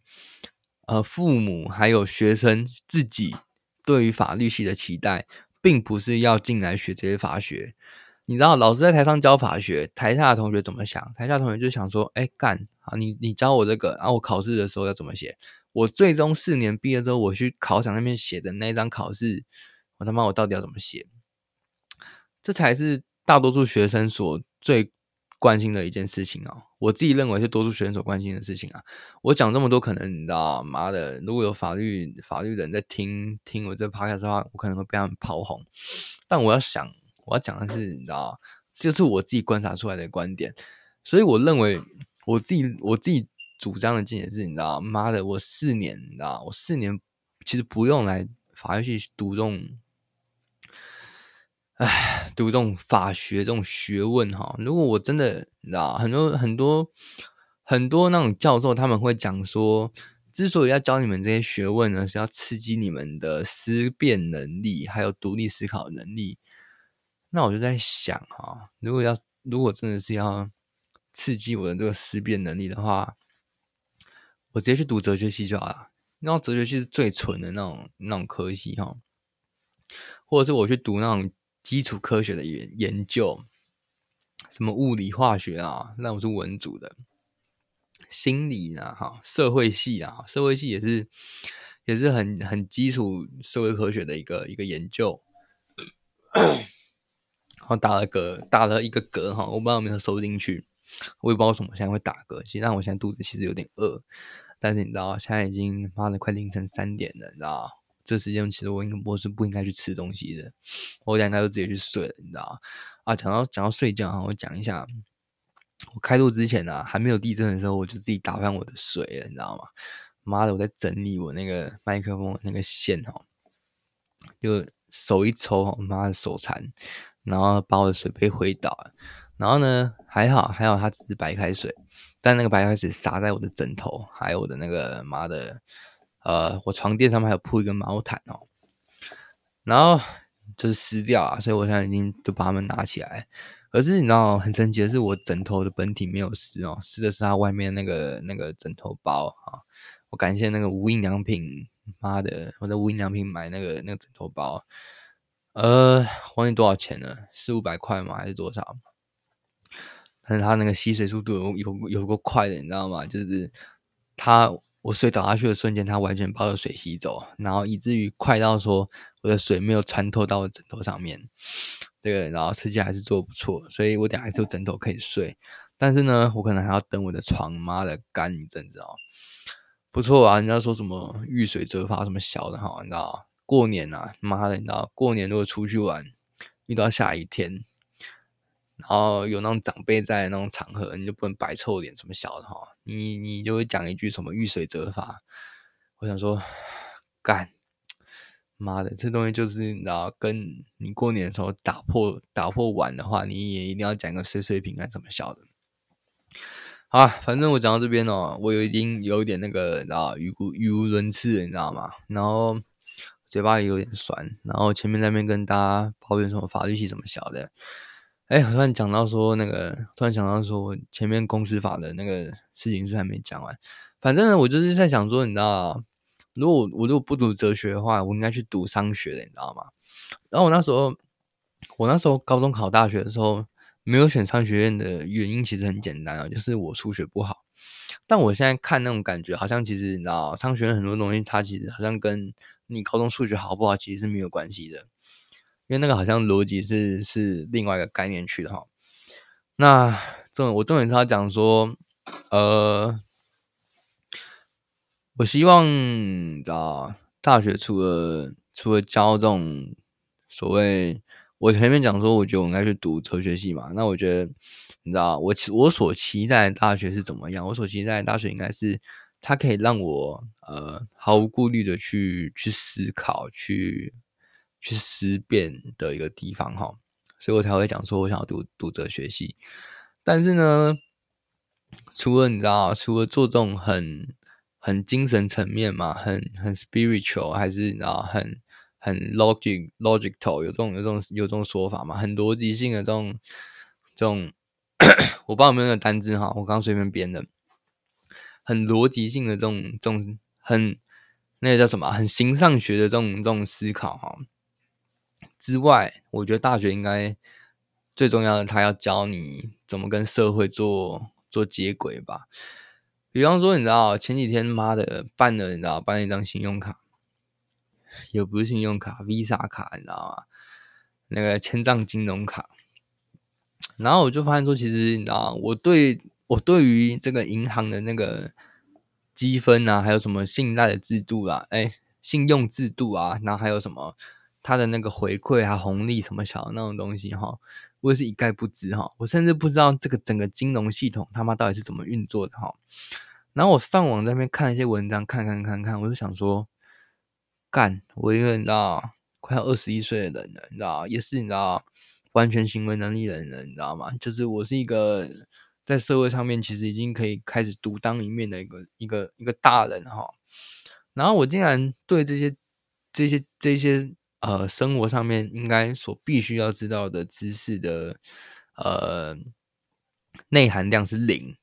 呃父母還有學生自己對於法律系的期待，並不是要進來學這些法學。你知道，老師在台上教法學，台下的同學怎麼想？台下的同學就想說：“哎、欸，幹啊，你你教我這個啊，然後我考試的時候要怎麼寫？”我最終四年畢業之後，我去考場那邊寫的那一張考試，我他媽我到底要怎麼寫？這才是大多數學生所最關心的一件事情哦。我自己認為是多數學生所關心的事情啊。我講這麼多，可能你知道，媽的，如果有法律法律人在聽聽我這 Podcast 的話，我可能會被他們炮轟。但我要想，我要講的是，你知道，就是我自己觀察出來的觀點。所以我認為我自己我自己。主張的見解是，你知道嗎？媽的，我四年，你知道，我四年其實不用來法律去讀這種，哎，讀這種法學這種學問哈。如果我真的，你知道，很多很多很多那種教授，他們會講說，之所以要教你們這些學問呢，是要刺激你們的思辨能力，還有獨立思考能力。那我就在想哈，如果要如果真的是要刺激我的這個思辨能力的話，我直接去讀哲學系就好了。那哲學系是最純的那種那種科系哈，或者是我去讀那種基礎科學的研研究，什麼物理化學啊，那我是文組的。心理呢、啊、哈，社會系啊，社會系也是也是很很基礎社會科學的一個一個研究。我 打了個打了一個嗝哈，我不知道有沒有收進去，我也不知道為什麼現在會打嗝。其實讓我現在肚子其實有點餓。但是你知道，現在已經媽的快凌晨三點了，你知道這時間其實我應該我是不應該去吃東西的，我等下就直接去睡了，你知道啊，講到講到睡覺，我講一下，我開錄之前呢，啊，還沒有地震的時候，我就自己打翻我的水了，你知道嗎？媽的，我在整理我那個麥克風那個線哈，就手一抽，我媽的手殘，然後把我的水杯揮倒了。然後呢，還好，還好，它只是白開水。但那個白開水灑在我的枕頭，還有我的那個媽的，呃，我床墊上面還有鋪一個毛毯哦。然後就是濕掉啊，所以我現在已經就把它們拿起來。可是你知道很神奇的是，我枕頭的本體沒有濕哦，濕的是它外面那個那個枕頭包啊，哦。我感謝那個無印良品，媽的，我在無印良品買那個那個枕頭包，呃，花了多少錢呢？四五百塊嗎？還是多少？但是它那個吸水速度有有有過快的，你知道嗎？就是它，我水倒下去的瞬間，它完全把我水吸走，然後以至於快到說我的水沒有穿透到我枕頭上面。這個，然後設計還是做得不錯，所以我等下還是有枕頭可以睡。但是呢，我可能還要等我的床媽的乾一陣子哦。不錯啊，你要說什麼遇水則發什麼小的好，你知道過年啊，媽的，你知道過年如果出去玩遇到下雨天。然後有那種長輩在那種場合，你就不能白臭點什麼小的哈。你你就會講一句什麼遇水則發，我想說，幹，媽的這東西就是，然後跟你過年的時候打破打破碗的話，你也一定要講一個碎碎平安怎麼小的。啊，反正我講到這邊哦，我有已經有點那個，啊語無語無倫次，你知道嗎？然後嘴巴也有點酸，然後前面那邊跟大家抱怨什麼法律系怎麼小的。哎，我突然講到說那個，突然想到說前面公司法的那個事情是還沒講完。反正呢，我就是在想說，你知道，如果我如果不讀哲學的話，我應該去讀商學的，你知道嗎？然後我那時候，我那時候高中考大學的時候，沒有選商學院的原因其實很簡單啊，就是我數學不好。但我現在看那種感覺，好像其實你知道，商學院很多東西它其實好像跟你高中數學好不好其實是沒有關係的。因為那個好像邏輯是是另外一個概念去的哈。那重我重點是要講說，呃，我希望你知道大學除了除了教這種所謂，我前面講說，我覺得我應該去讀哲學系嘛。那我覺得你知道我期我所期待大學是怎麼樣？我所期待大學應該是它可以讓我呃毫無顧慮的去去思考去。去思辨的一個地方哈，所以我才會講說，我想要讀讀哲學系。但是呢，除了你知道，除了做這種很很精神層面嘛，很很 spiritual，還是你知道，很很 logic logical，有這種有這種有這種說法嘛？很邏輯性的這種這種， 我不知道有沒有那個單字哈，我剛剛隨便編的，很邏輯性的這種這種很那個叫什麼？很形上學的這種這種思考哈。之外，我覺得大學應該最重要的，他要教你怎麼跟社會做做接軌吧。比方說，你知道前幾天媽的辦了，你知道辦了一張信用卡，也不是信用卡，Visa 卡，你知道嗎？那個簽帳金融卡。然後我就發現說，其實你知道，我對我對於這個銀行的那個積分啊，還有什麼信貸的制度啊，誒信用制度啊，然後還有什麼？他的那個回饋啊、紅利什麼小的那種東西哈，我也是一概不知哈。我甚至不知道這個整個金融系統他媽到底是怎麼運作的哈。然後我上網在那邊看一些文章，看看看看，我就想說，幹，我一個你知道，快要二十一歲的人了，你知道，也是你知道完全行為能力的人，你知道嗎？就是我是一個在社會上面其實已經可以開始獨當一面的一個一個一個大人哈。然後我竟然對這些這些這些。呃，生活上面應該所必須要知道的知識的呃內含量是零，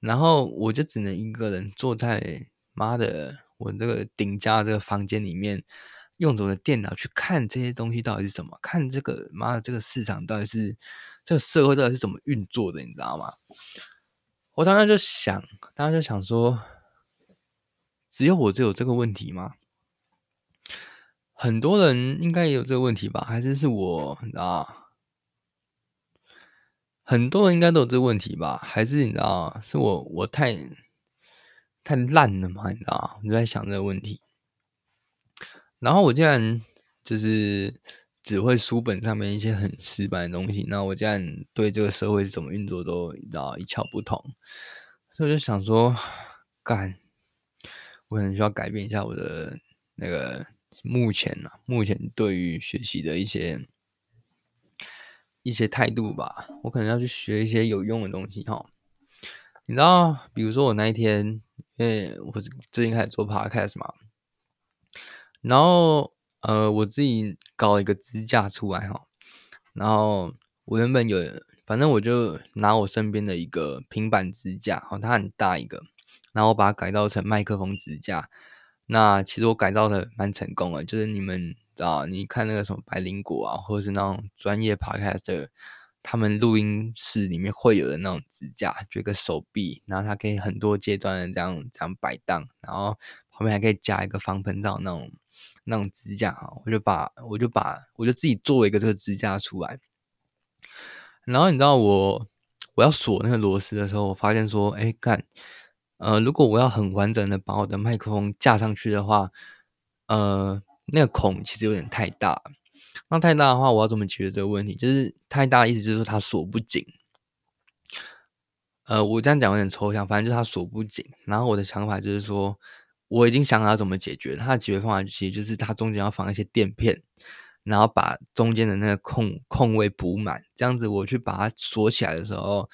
然後我就只能一個人坐在媽的我這個頂加這個房間裡面，用着我的電腦去看這些東西到底是什麼，看這個媽的這個市場到底是這個社會到底是怎麼運作的，你知道嗎？我當時就想，當時就想說，只有我只有這個問題嗎？很多人應該也有這個問題吧？還是是我，你知道？很多人應該都有這個問題吧？還是你知道，是我我太，太爛了嘛，你知道，我就在想這個問題。然後我竟然就是只會書本上面一些很失敗的東西，那我竟然對這個社會怎麼運作都，你知道，一竅不通，所以我就想說，幹，我可能需要改變一下我的那個。目前呢，目前對於學習的一些一些態度吧，我可能要去學一些有用的東西哈。你知道，比如說我那一天，因為我最近開始做 podcast 嘛，然後呃，我自己搞一個支架出來哈，然後我原本有，反正我就拿我身邊的一個平板支架，哈，它很大一個，然後我把它改造成麥克風支架。那其實我改造的蠻成功的，就是你們知道、啊，你看那個什麼白靈果啊，或者是那種專業 podcaster 他們錄音室裡面會有的那種支架，就一個手臂，然後它可以很多階段的這樣這樣擺盪，然後旁邊還可以加一個防噴罩那種那種支架，我就把我就把我就自己做一個這個支架出來，然後你知道我我要鎖那個螺絲的時候，我發現說，哎、欸、看呃，如果我要很完整的把我的麥克風架上去的話，呃，那個孔其實有點太大。那太大的話，我要怎麼解決這個問題？就是太大，意思就是說它鎖不緊。呃，我這樣講有點抽象，反正就是它鎖不緊。然後我的想法就是說，我已經想好怎麼解決。它的解決方法其實就是它中間要放一些墊片，然後把中間的那個空空位補滿。這樣子，我去把它鎖起來的時候，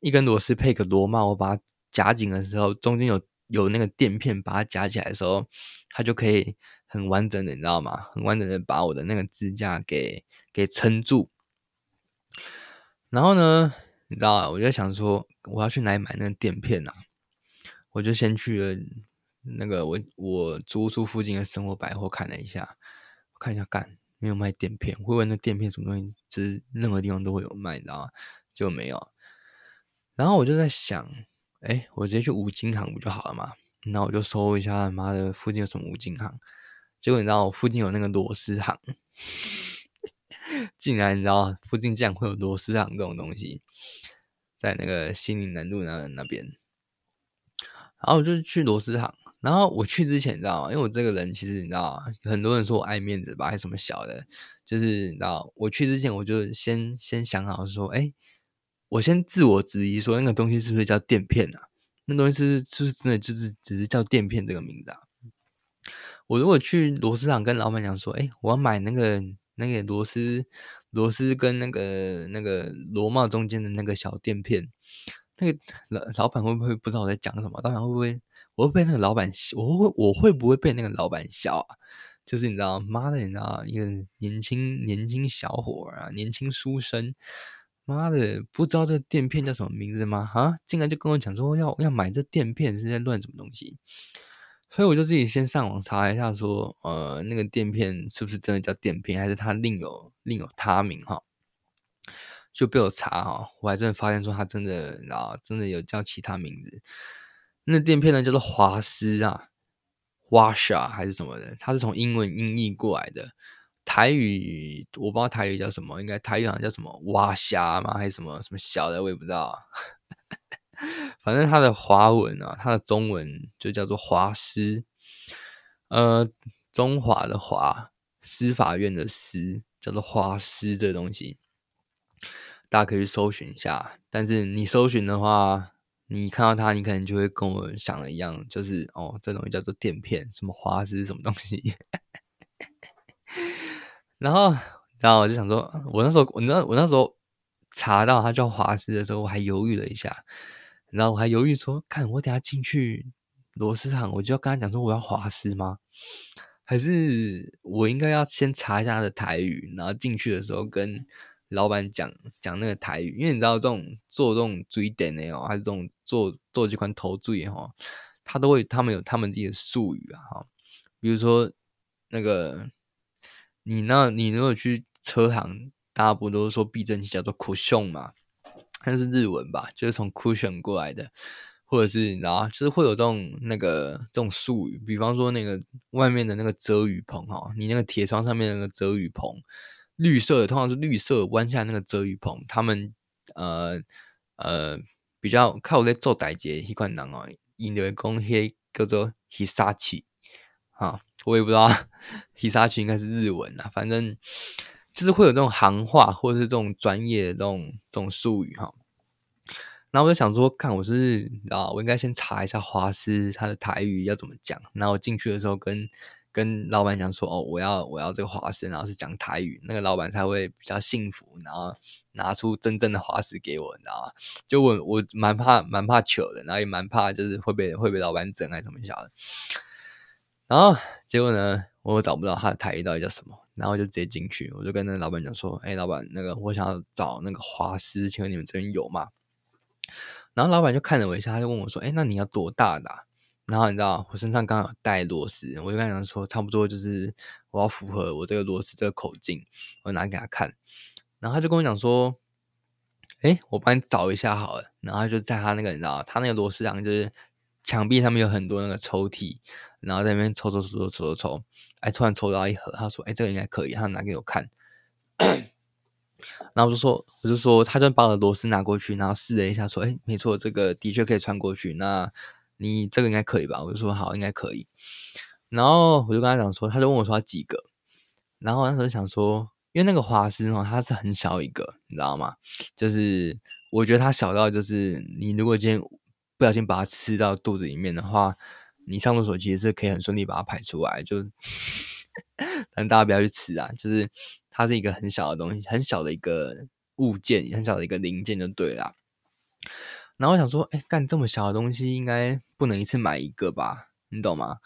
一根螺絲配個螺帽，我把它。夾緊的時候，中間有有那個墊片，把它夾起來的時候，它就可以很完整的，你知道嗎？很完整的把我的那個支架給給撐住。然後呢，你知道啊，我就想說，我要去哪裡買那個墊片呢啊？我就先去了那個我我租屋附近的生活百貨看了一下，看一下，幹，沒有賣墊片。會問那墊片什麼東西，就是任何地方都會有賣，你知道嗎？就沒有。然後我就在想。哎，我直接去五金行不就好了嗎？那我就搜一下，他媽的附近有什麼五金行。結果你知道，我附近有那個螺絲行。 竟然你知道，附近竟然會有螺絲行這種東西，在那個西寧南路那那邊。然後我就去螺絲行。然後我去之前，你知道，因為我這個人其實你知道，很多人說我愛面子吧，還什麼小的，就是你知道，我去之前我就先先想好說，哎。我先自我質疑說，那個東西是不是叫墊片啊？那東西是不是，是不是真的就是只是叫墊片這個名字啊？我如果去螺絲廠跟老闆講說，哎、欸，我要買那個那個螺絲螺絲跟那個那個螺帽中間的那個小墊片，那個老老闆會不會不知道我在講什麼？老闆會不會，我會被那個老闆，我會我會不會被那個老闆笑啊？就是你知道嗎？媽的，你知道，一個年輕年輕小伙啊，年輕書生，媽的，不知道這個墊片叫什麼名字嗎？哈、啊，竟然就跟我講說要要買這墊片是在亂什麼東西，所以我就自己先上網查一下說，說呃那個墊片是不是真的叫墊片，還是它另有另有他名哈？就被我查哈，我還真的發現說它真的啊真的有叫其他名字，那墊、個、片呢叫做華斯啊華 a 還是什麼的，它是從英文音譯過來的。台語我不知道台語叫什麼，應該台語好像叫什麼蛙蝦嗎？還是什麼什麼小的，我也不知道。 反正它的華文啊，它的中文就叫做華司，呃，中華的華，司法院的司，叫做華司。這東西大家可以去搜尋一下。但是你搜尋的話，你看到它，你可能就會跟我想的一樣，就是哦，這東西叫做墊片，什麼華司什麼東西。然後，然後我就想說，我那時候，我那我那時候查到他叫華司的時候，我還猶豫了一下。然後我還猶豫說，看我等下進去螺絲廠，我就要跟他講說我要華司嗎？還是我應該要先查一下他的台語，然後進去的時候跟老板講講那個台語？因為你知道，這種做這種追點的哦，還是這種做做這款投注的哈，他都會他們有他們自己的術語啊哈、哦，比如說那個。你那，你如果去車行，大家不都是說避震器叫做 cushion 嘛？它是日文吧，就是從 cushion 過來的，或者是你知道，然後就是會有這種那個這種術語，比方說那個外面的那個遮雨棚哈、喔，你那個鐵窗上面的那個遮雨棚，綠色的，的通常是綠色彎下那個遮雨棚，他們呃呃比較靠在做歹節一塊囊哦，因流會講迄叫做 hisachi 哈。我也不知道，皮沙群應該是日文啊，反正就是會有這種行話，或者是這種專業的這種這種術語哈。然後我就想說，看我是啊，我應該先查一下華司他的台語要怎麼講。然後我進去的時候跟跟老闆講說，哦，我要我要這個華司，然後是講台語，那個老闆才會比較幸福，然後拿出真正的華司給我，你知道嗎？就我我蠻怕蠻怕糗的，然後也蠻怕就是會被會被老闆整，還是怎麼樣的。然後。結果呢，我又找不到他的台語到底叫什麼，然後就直接進去，我就跟那老板講說：“欸，老板，那個我想要找那個滑絲，請問你們這邊有嗎？”然後老板就看了我一下，他就問我說：“欸，那你要多大的啊？”然後你知道我身上剛好帶螺絲，我就跟他講說：“差不多就是我要符合我這個螺絲這個口徑。”我拿給他看，然後他就跟我講說：“欸，我幫你找一下好了。”然後就在他那個你知道，他那個螺絲檔就是牆壁上面有很多那個抽屜。然後在那邊抽抽抽抽抽抽，哎，突然抽到一盒，他說：“哎、欸，這個應該可以。”他拿給我看， 然後我就說：“我就說，他就把我的螺絲拿過去，然後試了一下，說：‘哎、欸，沒錯，這個的確可以穿過去。’那你這個應該可以吧？”我就說：“好，應該可以。”然後我就跟他講說，他就問我說：“幾個？”然後那時候就想說，因為那個華司哦，它是很小一個，你知道嗎？就是我覺得它小到，就是你如果今天不小心把它吃到肚子裡面的話。你上廁所其實是可以很順利把它排出來，就 但大家不要去吃啊，就是它是一個很小的東西，很小的一個物件，很小的一個零件就對了。然後我想說，哎、欸，幹這麼小的東西應該不能一次買一個吧？你懂嗎？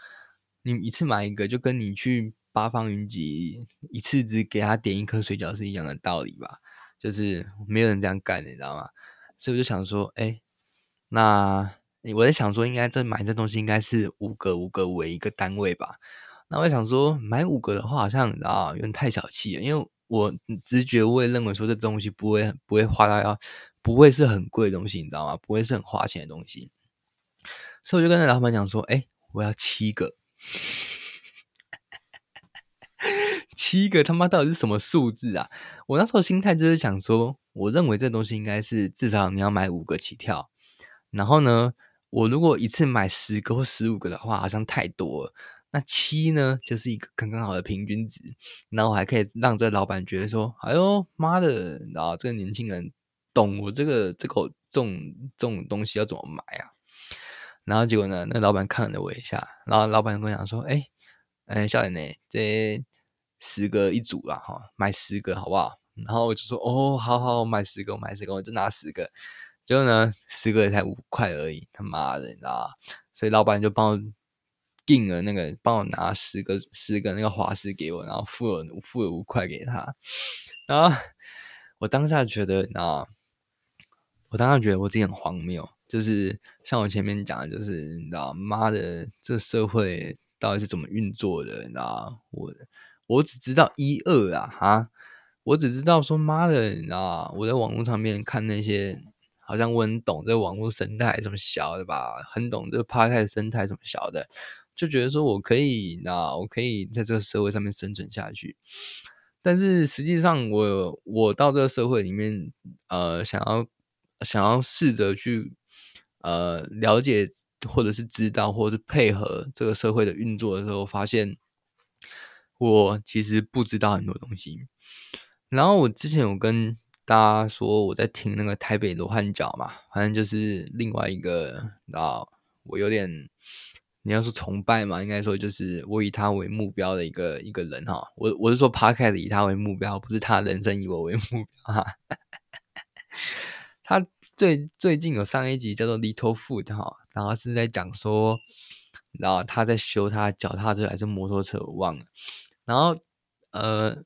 你一次買一個，就跟你去八方雲集一次只給他點一顆水餃是一樣的道理吧？就是沒有人這樣幹，你知道嗎？所以我就想說，哎、欸，那。我在想說，應該這買這東西應該是五個五個為一個單位吧？那我想說，買五個的話，好像啊，有點太小氣了。因為我直覺，我也認為說這東西不會不會花到要，不會是很貴的東西，你知道嗎？不會是很花錢的東西。所以我就跟那老闆講說：“誒，我要七個， 七個他媽到底是什麼數字啊？”我那時候心態就是想說，我認為這東西應該是至少你要買五個起跳，然後呢？我如果一次買十個或十五個的話，好像太多了。那七呢，就是一個剛剛好的平均值。然後我還可以讓這老闆覺得說：“哎呦媽的，然後這個年輕人懂我這個這個、個、這種這種東西要怎麼買啊？”然後結果呢，那老闆看了我一下，然後老闆跟我講說：“哎、欸，哎、欸，少年欸，這十個一組啦，哈，買十個好不好？”然後我就說：“哦，好好，我買十個，我買十個，我就拿十個。”就呢，十個才五塊而已，他媽的，你知道？所以老板就幫我訂了那個，幫我拿十個，十個那個華師給我，然後付了付了五塊給他。然後我當下覺得，啊，我當下覺得我自己很荒謬，就是像我前面講的，就是你知道嗎？媽的，這個社會到底是怎麼運作的？你知道？我我只知道一二啊，哈我只知道說媽的，你知道？我在網絡上面看那些。好像我很懂這網絡生態什麼小的吧，很懂這 party 生態什麼小的，就覺得說我可以，那我可以在這個社會上面生存下去。但是實際上我，我我到這個社會裡面，呃，想要想要試着去呃了解或者是知道或者是配合這個社會的運作的時候，發現我其實不知道很多東西。然後我之前有跟。大家說我在聽那個台北羅漢腳嘛，反正就是另外一個，然後我有點，你要說崇拜嘛，應該說就是我以他為目標的一個一個人哈。我我是說 Podcast 以他為目標，不是他人生以我為目標哈、啊。 他最最近有上一集叫做 Little Foot 哈，然後是在講說，然後他在修他腳踏車還是摩托車我忘了，然後呃。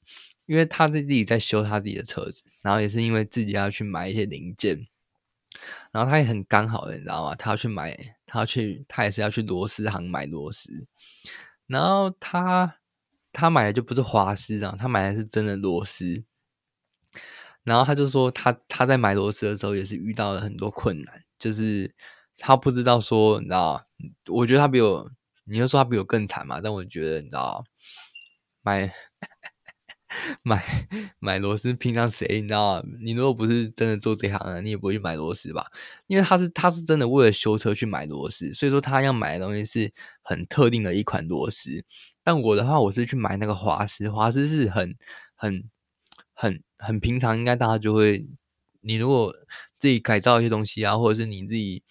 因為他在自己在修他自己的車子，然後也是因為自己要去買一些零件，然後他也很剛好的，的你知道嗎？他要去買，他要去，他也是要去螺絲行買螺絲，然後他他買的就不是華司啊，他買的是真的螺絲，然後他就說他他在買螺絲的時候也是遇到了很多困難，就是他不知道說你知道嗎？我覺得他比我，你要說他比我更慘嘛，但我覺得你知道嗎？買。買買螺絲平常誰你知道嗎？你如果不是真的做這行的，你也不會去買螺絲吧？因為他是他是真的為了修車去買螺絲，所以說他要買的東西是很特定的一款螺絲。但我的話，我是去買那個華司，華司是很很很很平常，應該大家就會，你如果自己改造一些東西啊，或者是你自己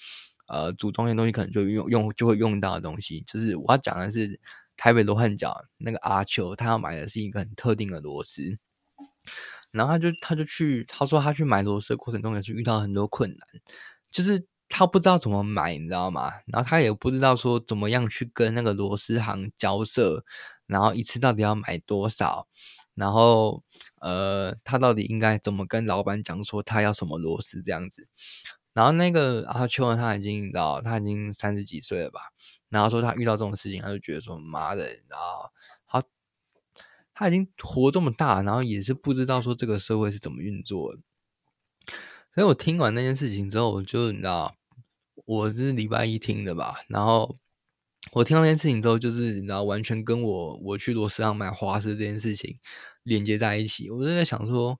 呃組裝一些東西，可能就用用就會用到的東西。就是我要講的是。台北羅漢角那個阿秋，他要買的是一個很特定的螺絲，然後他就他就去，他說他去買螺絲的過程中也是遇到很多困難，就是他不知道怎麼買，你知道嗎？然後他也不知道說怎麼樣去跟那個螺絲行交涉，然後一次到底要買多少，然後呃，他到底應該怎麼跟老闆講說他要什麼螺絲這樣子，然後那個阿秋他已經你知道，他已經三十幾歲了吧？然後說他遇到這種事情，他就覺得說媽的，你知道他，他已經活這麼大，然後也是不知道說這個社會是怎麼運作的。所以我聽完那件事情之後，我就你知道，我是禮拜一聽的吧，然後我聽到那件事情之後，就是你知道完全跟我我去螺絲上買花絲這件事情連接在一起，我就在想說，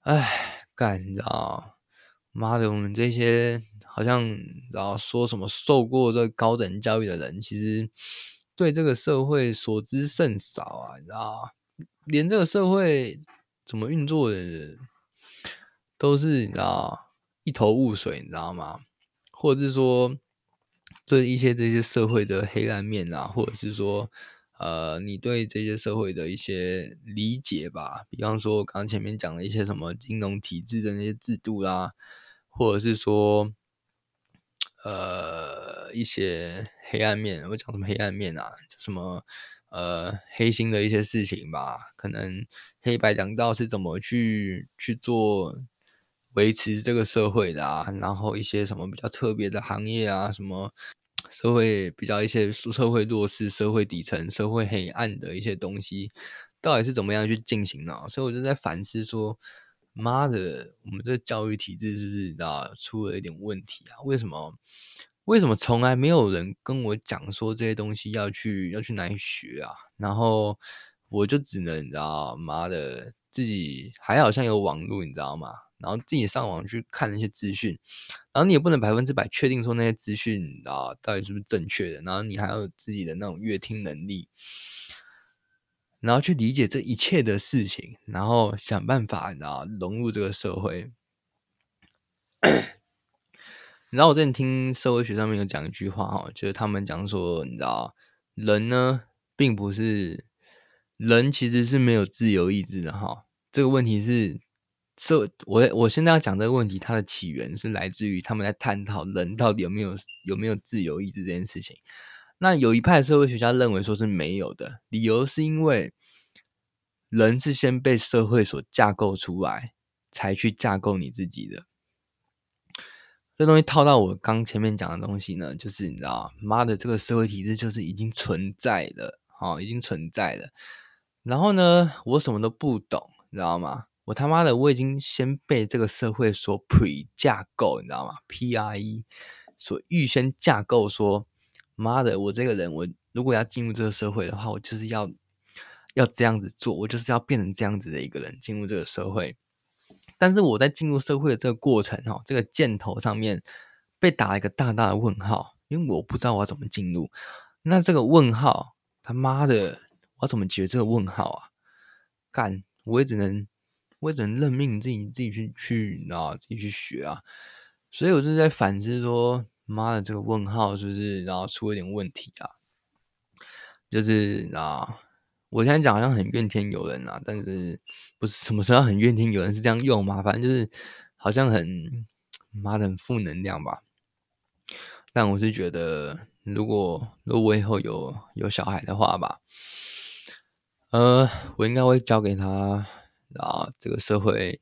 哎，幹，你知道，媽的，我們這些。好像，然後說什麼受過這高等教育的人，其實對這個社會所知甚少啊，你知道？連這個社會怎麼運作的人，都是你知道一頭霧水，你知道嗎？或者是說，對一些這些社會的黑暗面啊，或者是說，呃，你對這些社會的一些理解吧？比方說，我剛前面講的一些什麼金融體制的那些制度啦、啊，或者是說。呃，一些黑暗面，我講什麼黑暗面啊？就什麼呃黑心的一些事情吧。可能黑白兩道是怎麼去去做維持這個社會的啊？然後一些什麼比較特別的行業啊，什麼社會比較一些社會弱勢、社會底層、社會黑暗的一些東西，到底是怎麼樣去進行呢？啊？所以我就在反思說。媽的，我們這個教育體制是不是你知道出了一點問題啊？為什麼為什麼從來沒有人跟我講說這些東西要去要去哪裡學啊？然後我就只能你知道媽的自己還好像有網絡，你知道嗎？然後自己上網去看那些資訊，然後你也不能百分之百確定說那些資訊啊到底是不是正確的，然後你還有自己的那種閱聽能力。然後去理解這一切的事情，然後想辦法，然後融入這個社會。你 知道，我之前聽社會學上面有講一句話哈，就是他們講說，你知道，人呢，並不是人其實是沒有自由意志的哈。這個問題是社我我現在要講這個問題，它的起源是來自於他們在探討人到底有沒有有沒有自由意志這件事情。那有一派社會學家認為說是沒有的理由，是因為人是先被社會所架構出來，才去架構你自己的。這東西套到我剛前面講的東西呢，就是你知道，媽的，這個社會體制就是已經存在的，哦，已經存在的。然後呢，我什麼都不懂，你知道嗎？我他媽的，我已經先被這個社會所 pre 架構，你知道嗎？pre 所預先架構說。媽的！我這個人，我如果要進入這個社會的話，我就是要要這樣子做，我就是要變成這樣子的一個人進入這個社會。但是我在進入社會的這個過程哈，這個箭頭上面被打了一個大大的問號，因為我不知道我要怎麼進入。那這個問號，他媽的，我怎麼解這個問號啊？幹，我也只能，我也只能認命自，自己自己去去，然後自己去學啊。所以我就在反思說。媽的，這個問號是不是？然後出了點問題啊？就是啊，我現在講好像很怨天尤人啊，但是不是什麼時候很怨天尤人是這樣用嘛？反正就是好像很媽的很負能量吧。但我是覺得，如果如果我以後有有小孩的話吧，呃，我應該會教給他啊，然後這個社會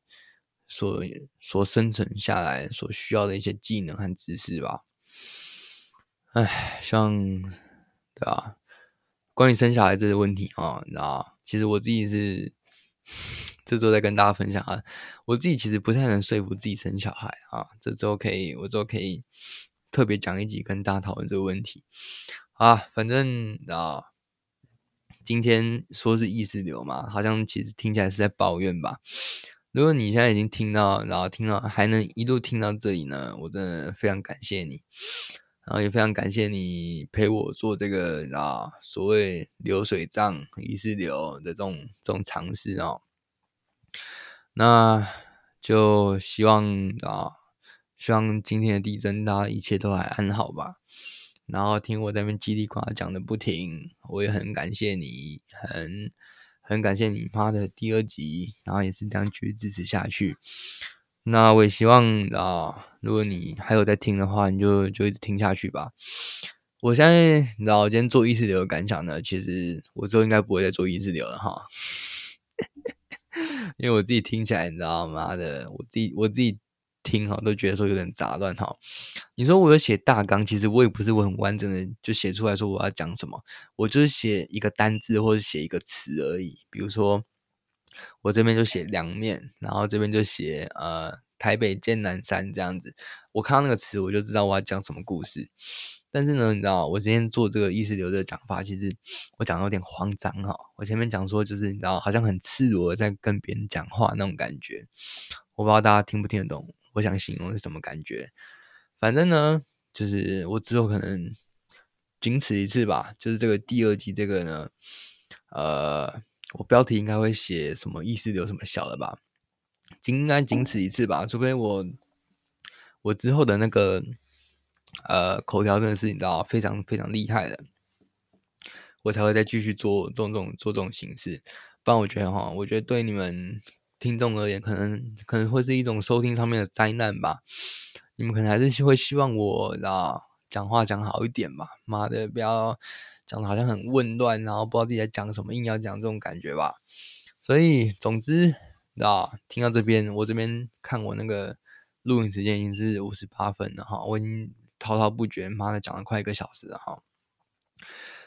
所所生存下來所需要的一些技能和知識吧。唉，像，對吧？關於生小孩這個問題啊，那、哦、其實我自己是這周在跟大家分享啊，我自己其實不太能說服自己生小孩啊、哦。這周可以，我就可以特別講一集跟大家討論這個問題啊。反正啊，今天說是意識流嘛，好像其實聽起來是在抱怨吧。如果你現在已經聽到，然後聽到還能一路聽到這裡呢，我真的非常感謝你。然後也非常感謝你陪我做這個啊，所謂流水賬意識流的這種這種嘗試哦。那就希望啊，希望今天的地震大家一切都還安好吧。然後聽我在那邊嘰里呱啦講的不停，我也很感謝你，很很感謝你發的第二集，然後也是這樣去支持下去。那我也希望，啊，如果你還有在聽的話，你就就一直聽下去吧。我相信，你知道，我今天做意識流的感想呢，其實我之後應該不會再做意識流了哈。 因為我自己聽起來，你知道嗎的，我自己我自己聽哈，都覺得說有點雜亂哈。你說我要寫大綱，其實我也不是我很完整的就寫出來說我要講什麼，我就是寫一個單字或者寫一個詞而已，比如說。我這邊就寫兩面，然後這邊就寫呃，台北劍南山這樣子。我看到那個詞，我就知道我要講什麼故事。但是呢，你知道，我今天做這個意識流的講法，其實我講的有點慌張哈、哦。我前面講說，就是你知道，好像很赤裸的在跟別人講話那種感覺。我不知道大家聽不聽得懂，我想形容是什麼感覺。反正呢，就是我只有可能僅此一次吧，就是這個第二集這個呢，呃。我標題應該會寫什麼意識流，什麼小的吧，僅，應該僅此一次吧，除非我我之後的那個呃口條真的是你知道非常非常厲害的，我才會再繼續做這種這種做這種形式，不然我覺得哈，我覺得對你們聽眾而言，可能可能會是一種收聽上面的災難吧，你們可能還是會希望我啊講話講好一點吧，媽的不要。講的好像很混亂，然後不知道自己在講什麼，硬要講這種感覺吧。所以總之，你知道聽到這邊，我這邊看我那個錄影時間已經是五十八分了哈，我已經滔滔不絕，媽的講了快一個小時了哈。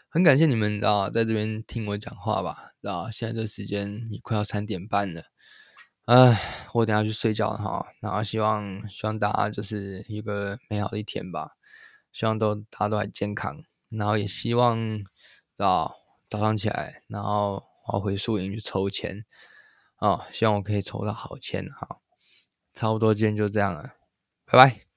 很感謝你們啊，在這邊聽我講話吧。然後現在這個時間也快要三點半了，唉，我等下去睡覺了哈。然後希望希望大家就是一個美好的一天吧，希望都大家都很健康。然後也希望早、哦、早上起來，然後我要回宿營去抽籤，哦，希望我可以抽到好簽哈、哦。差不多今天就這樣了，拜拜。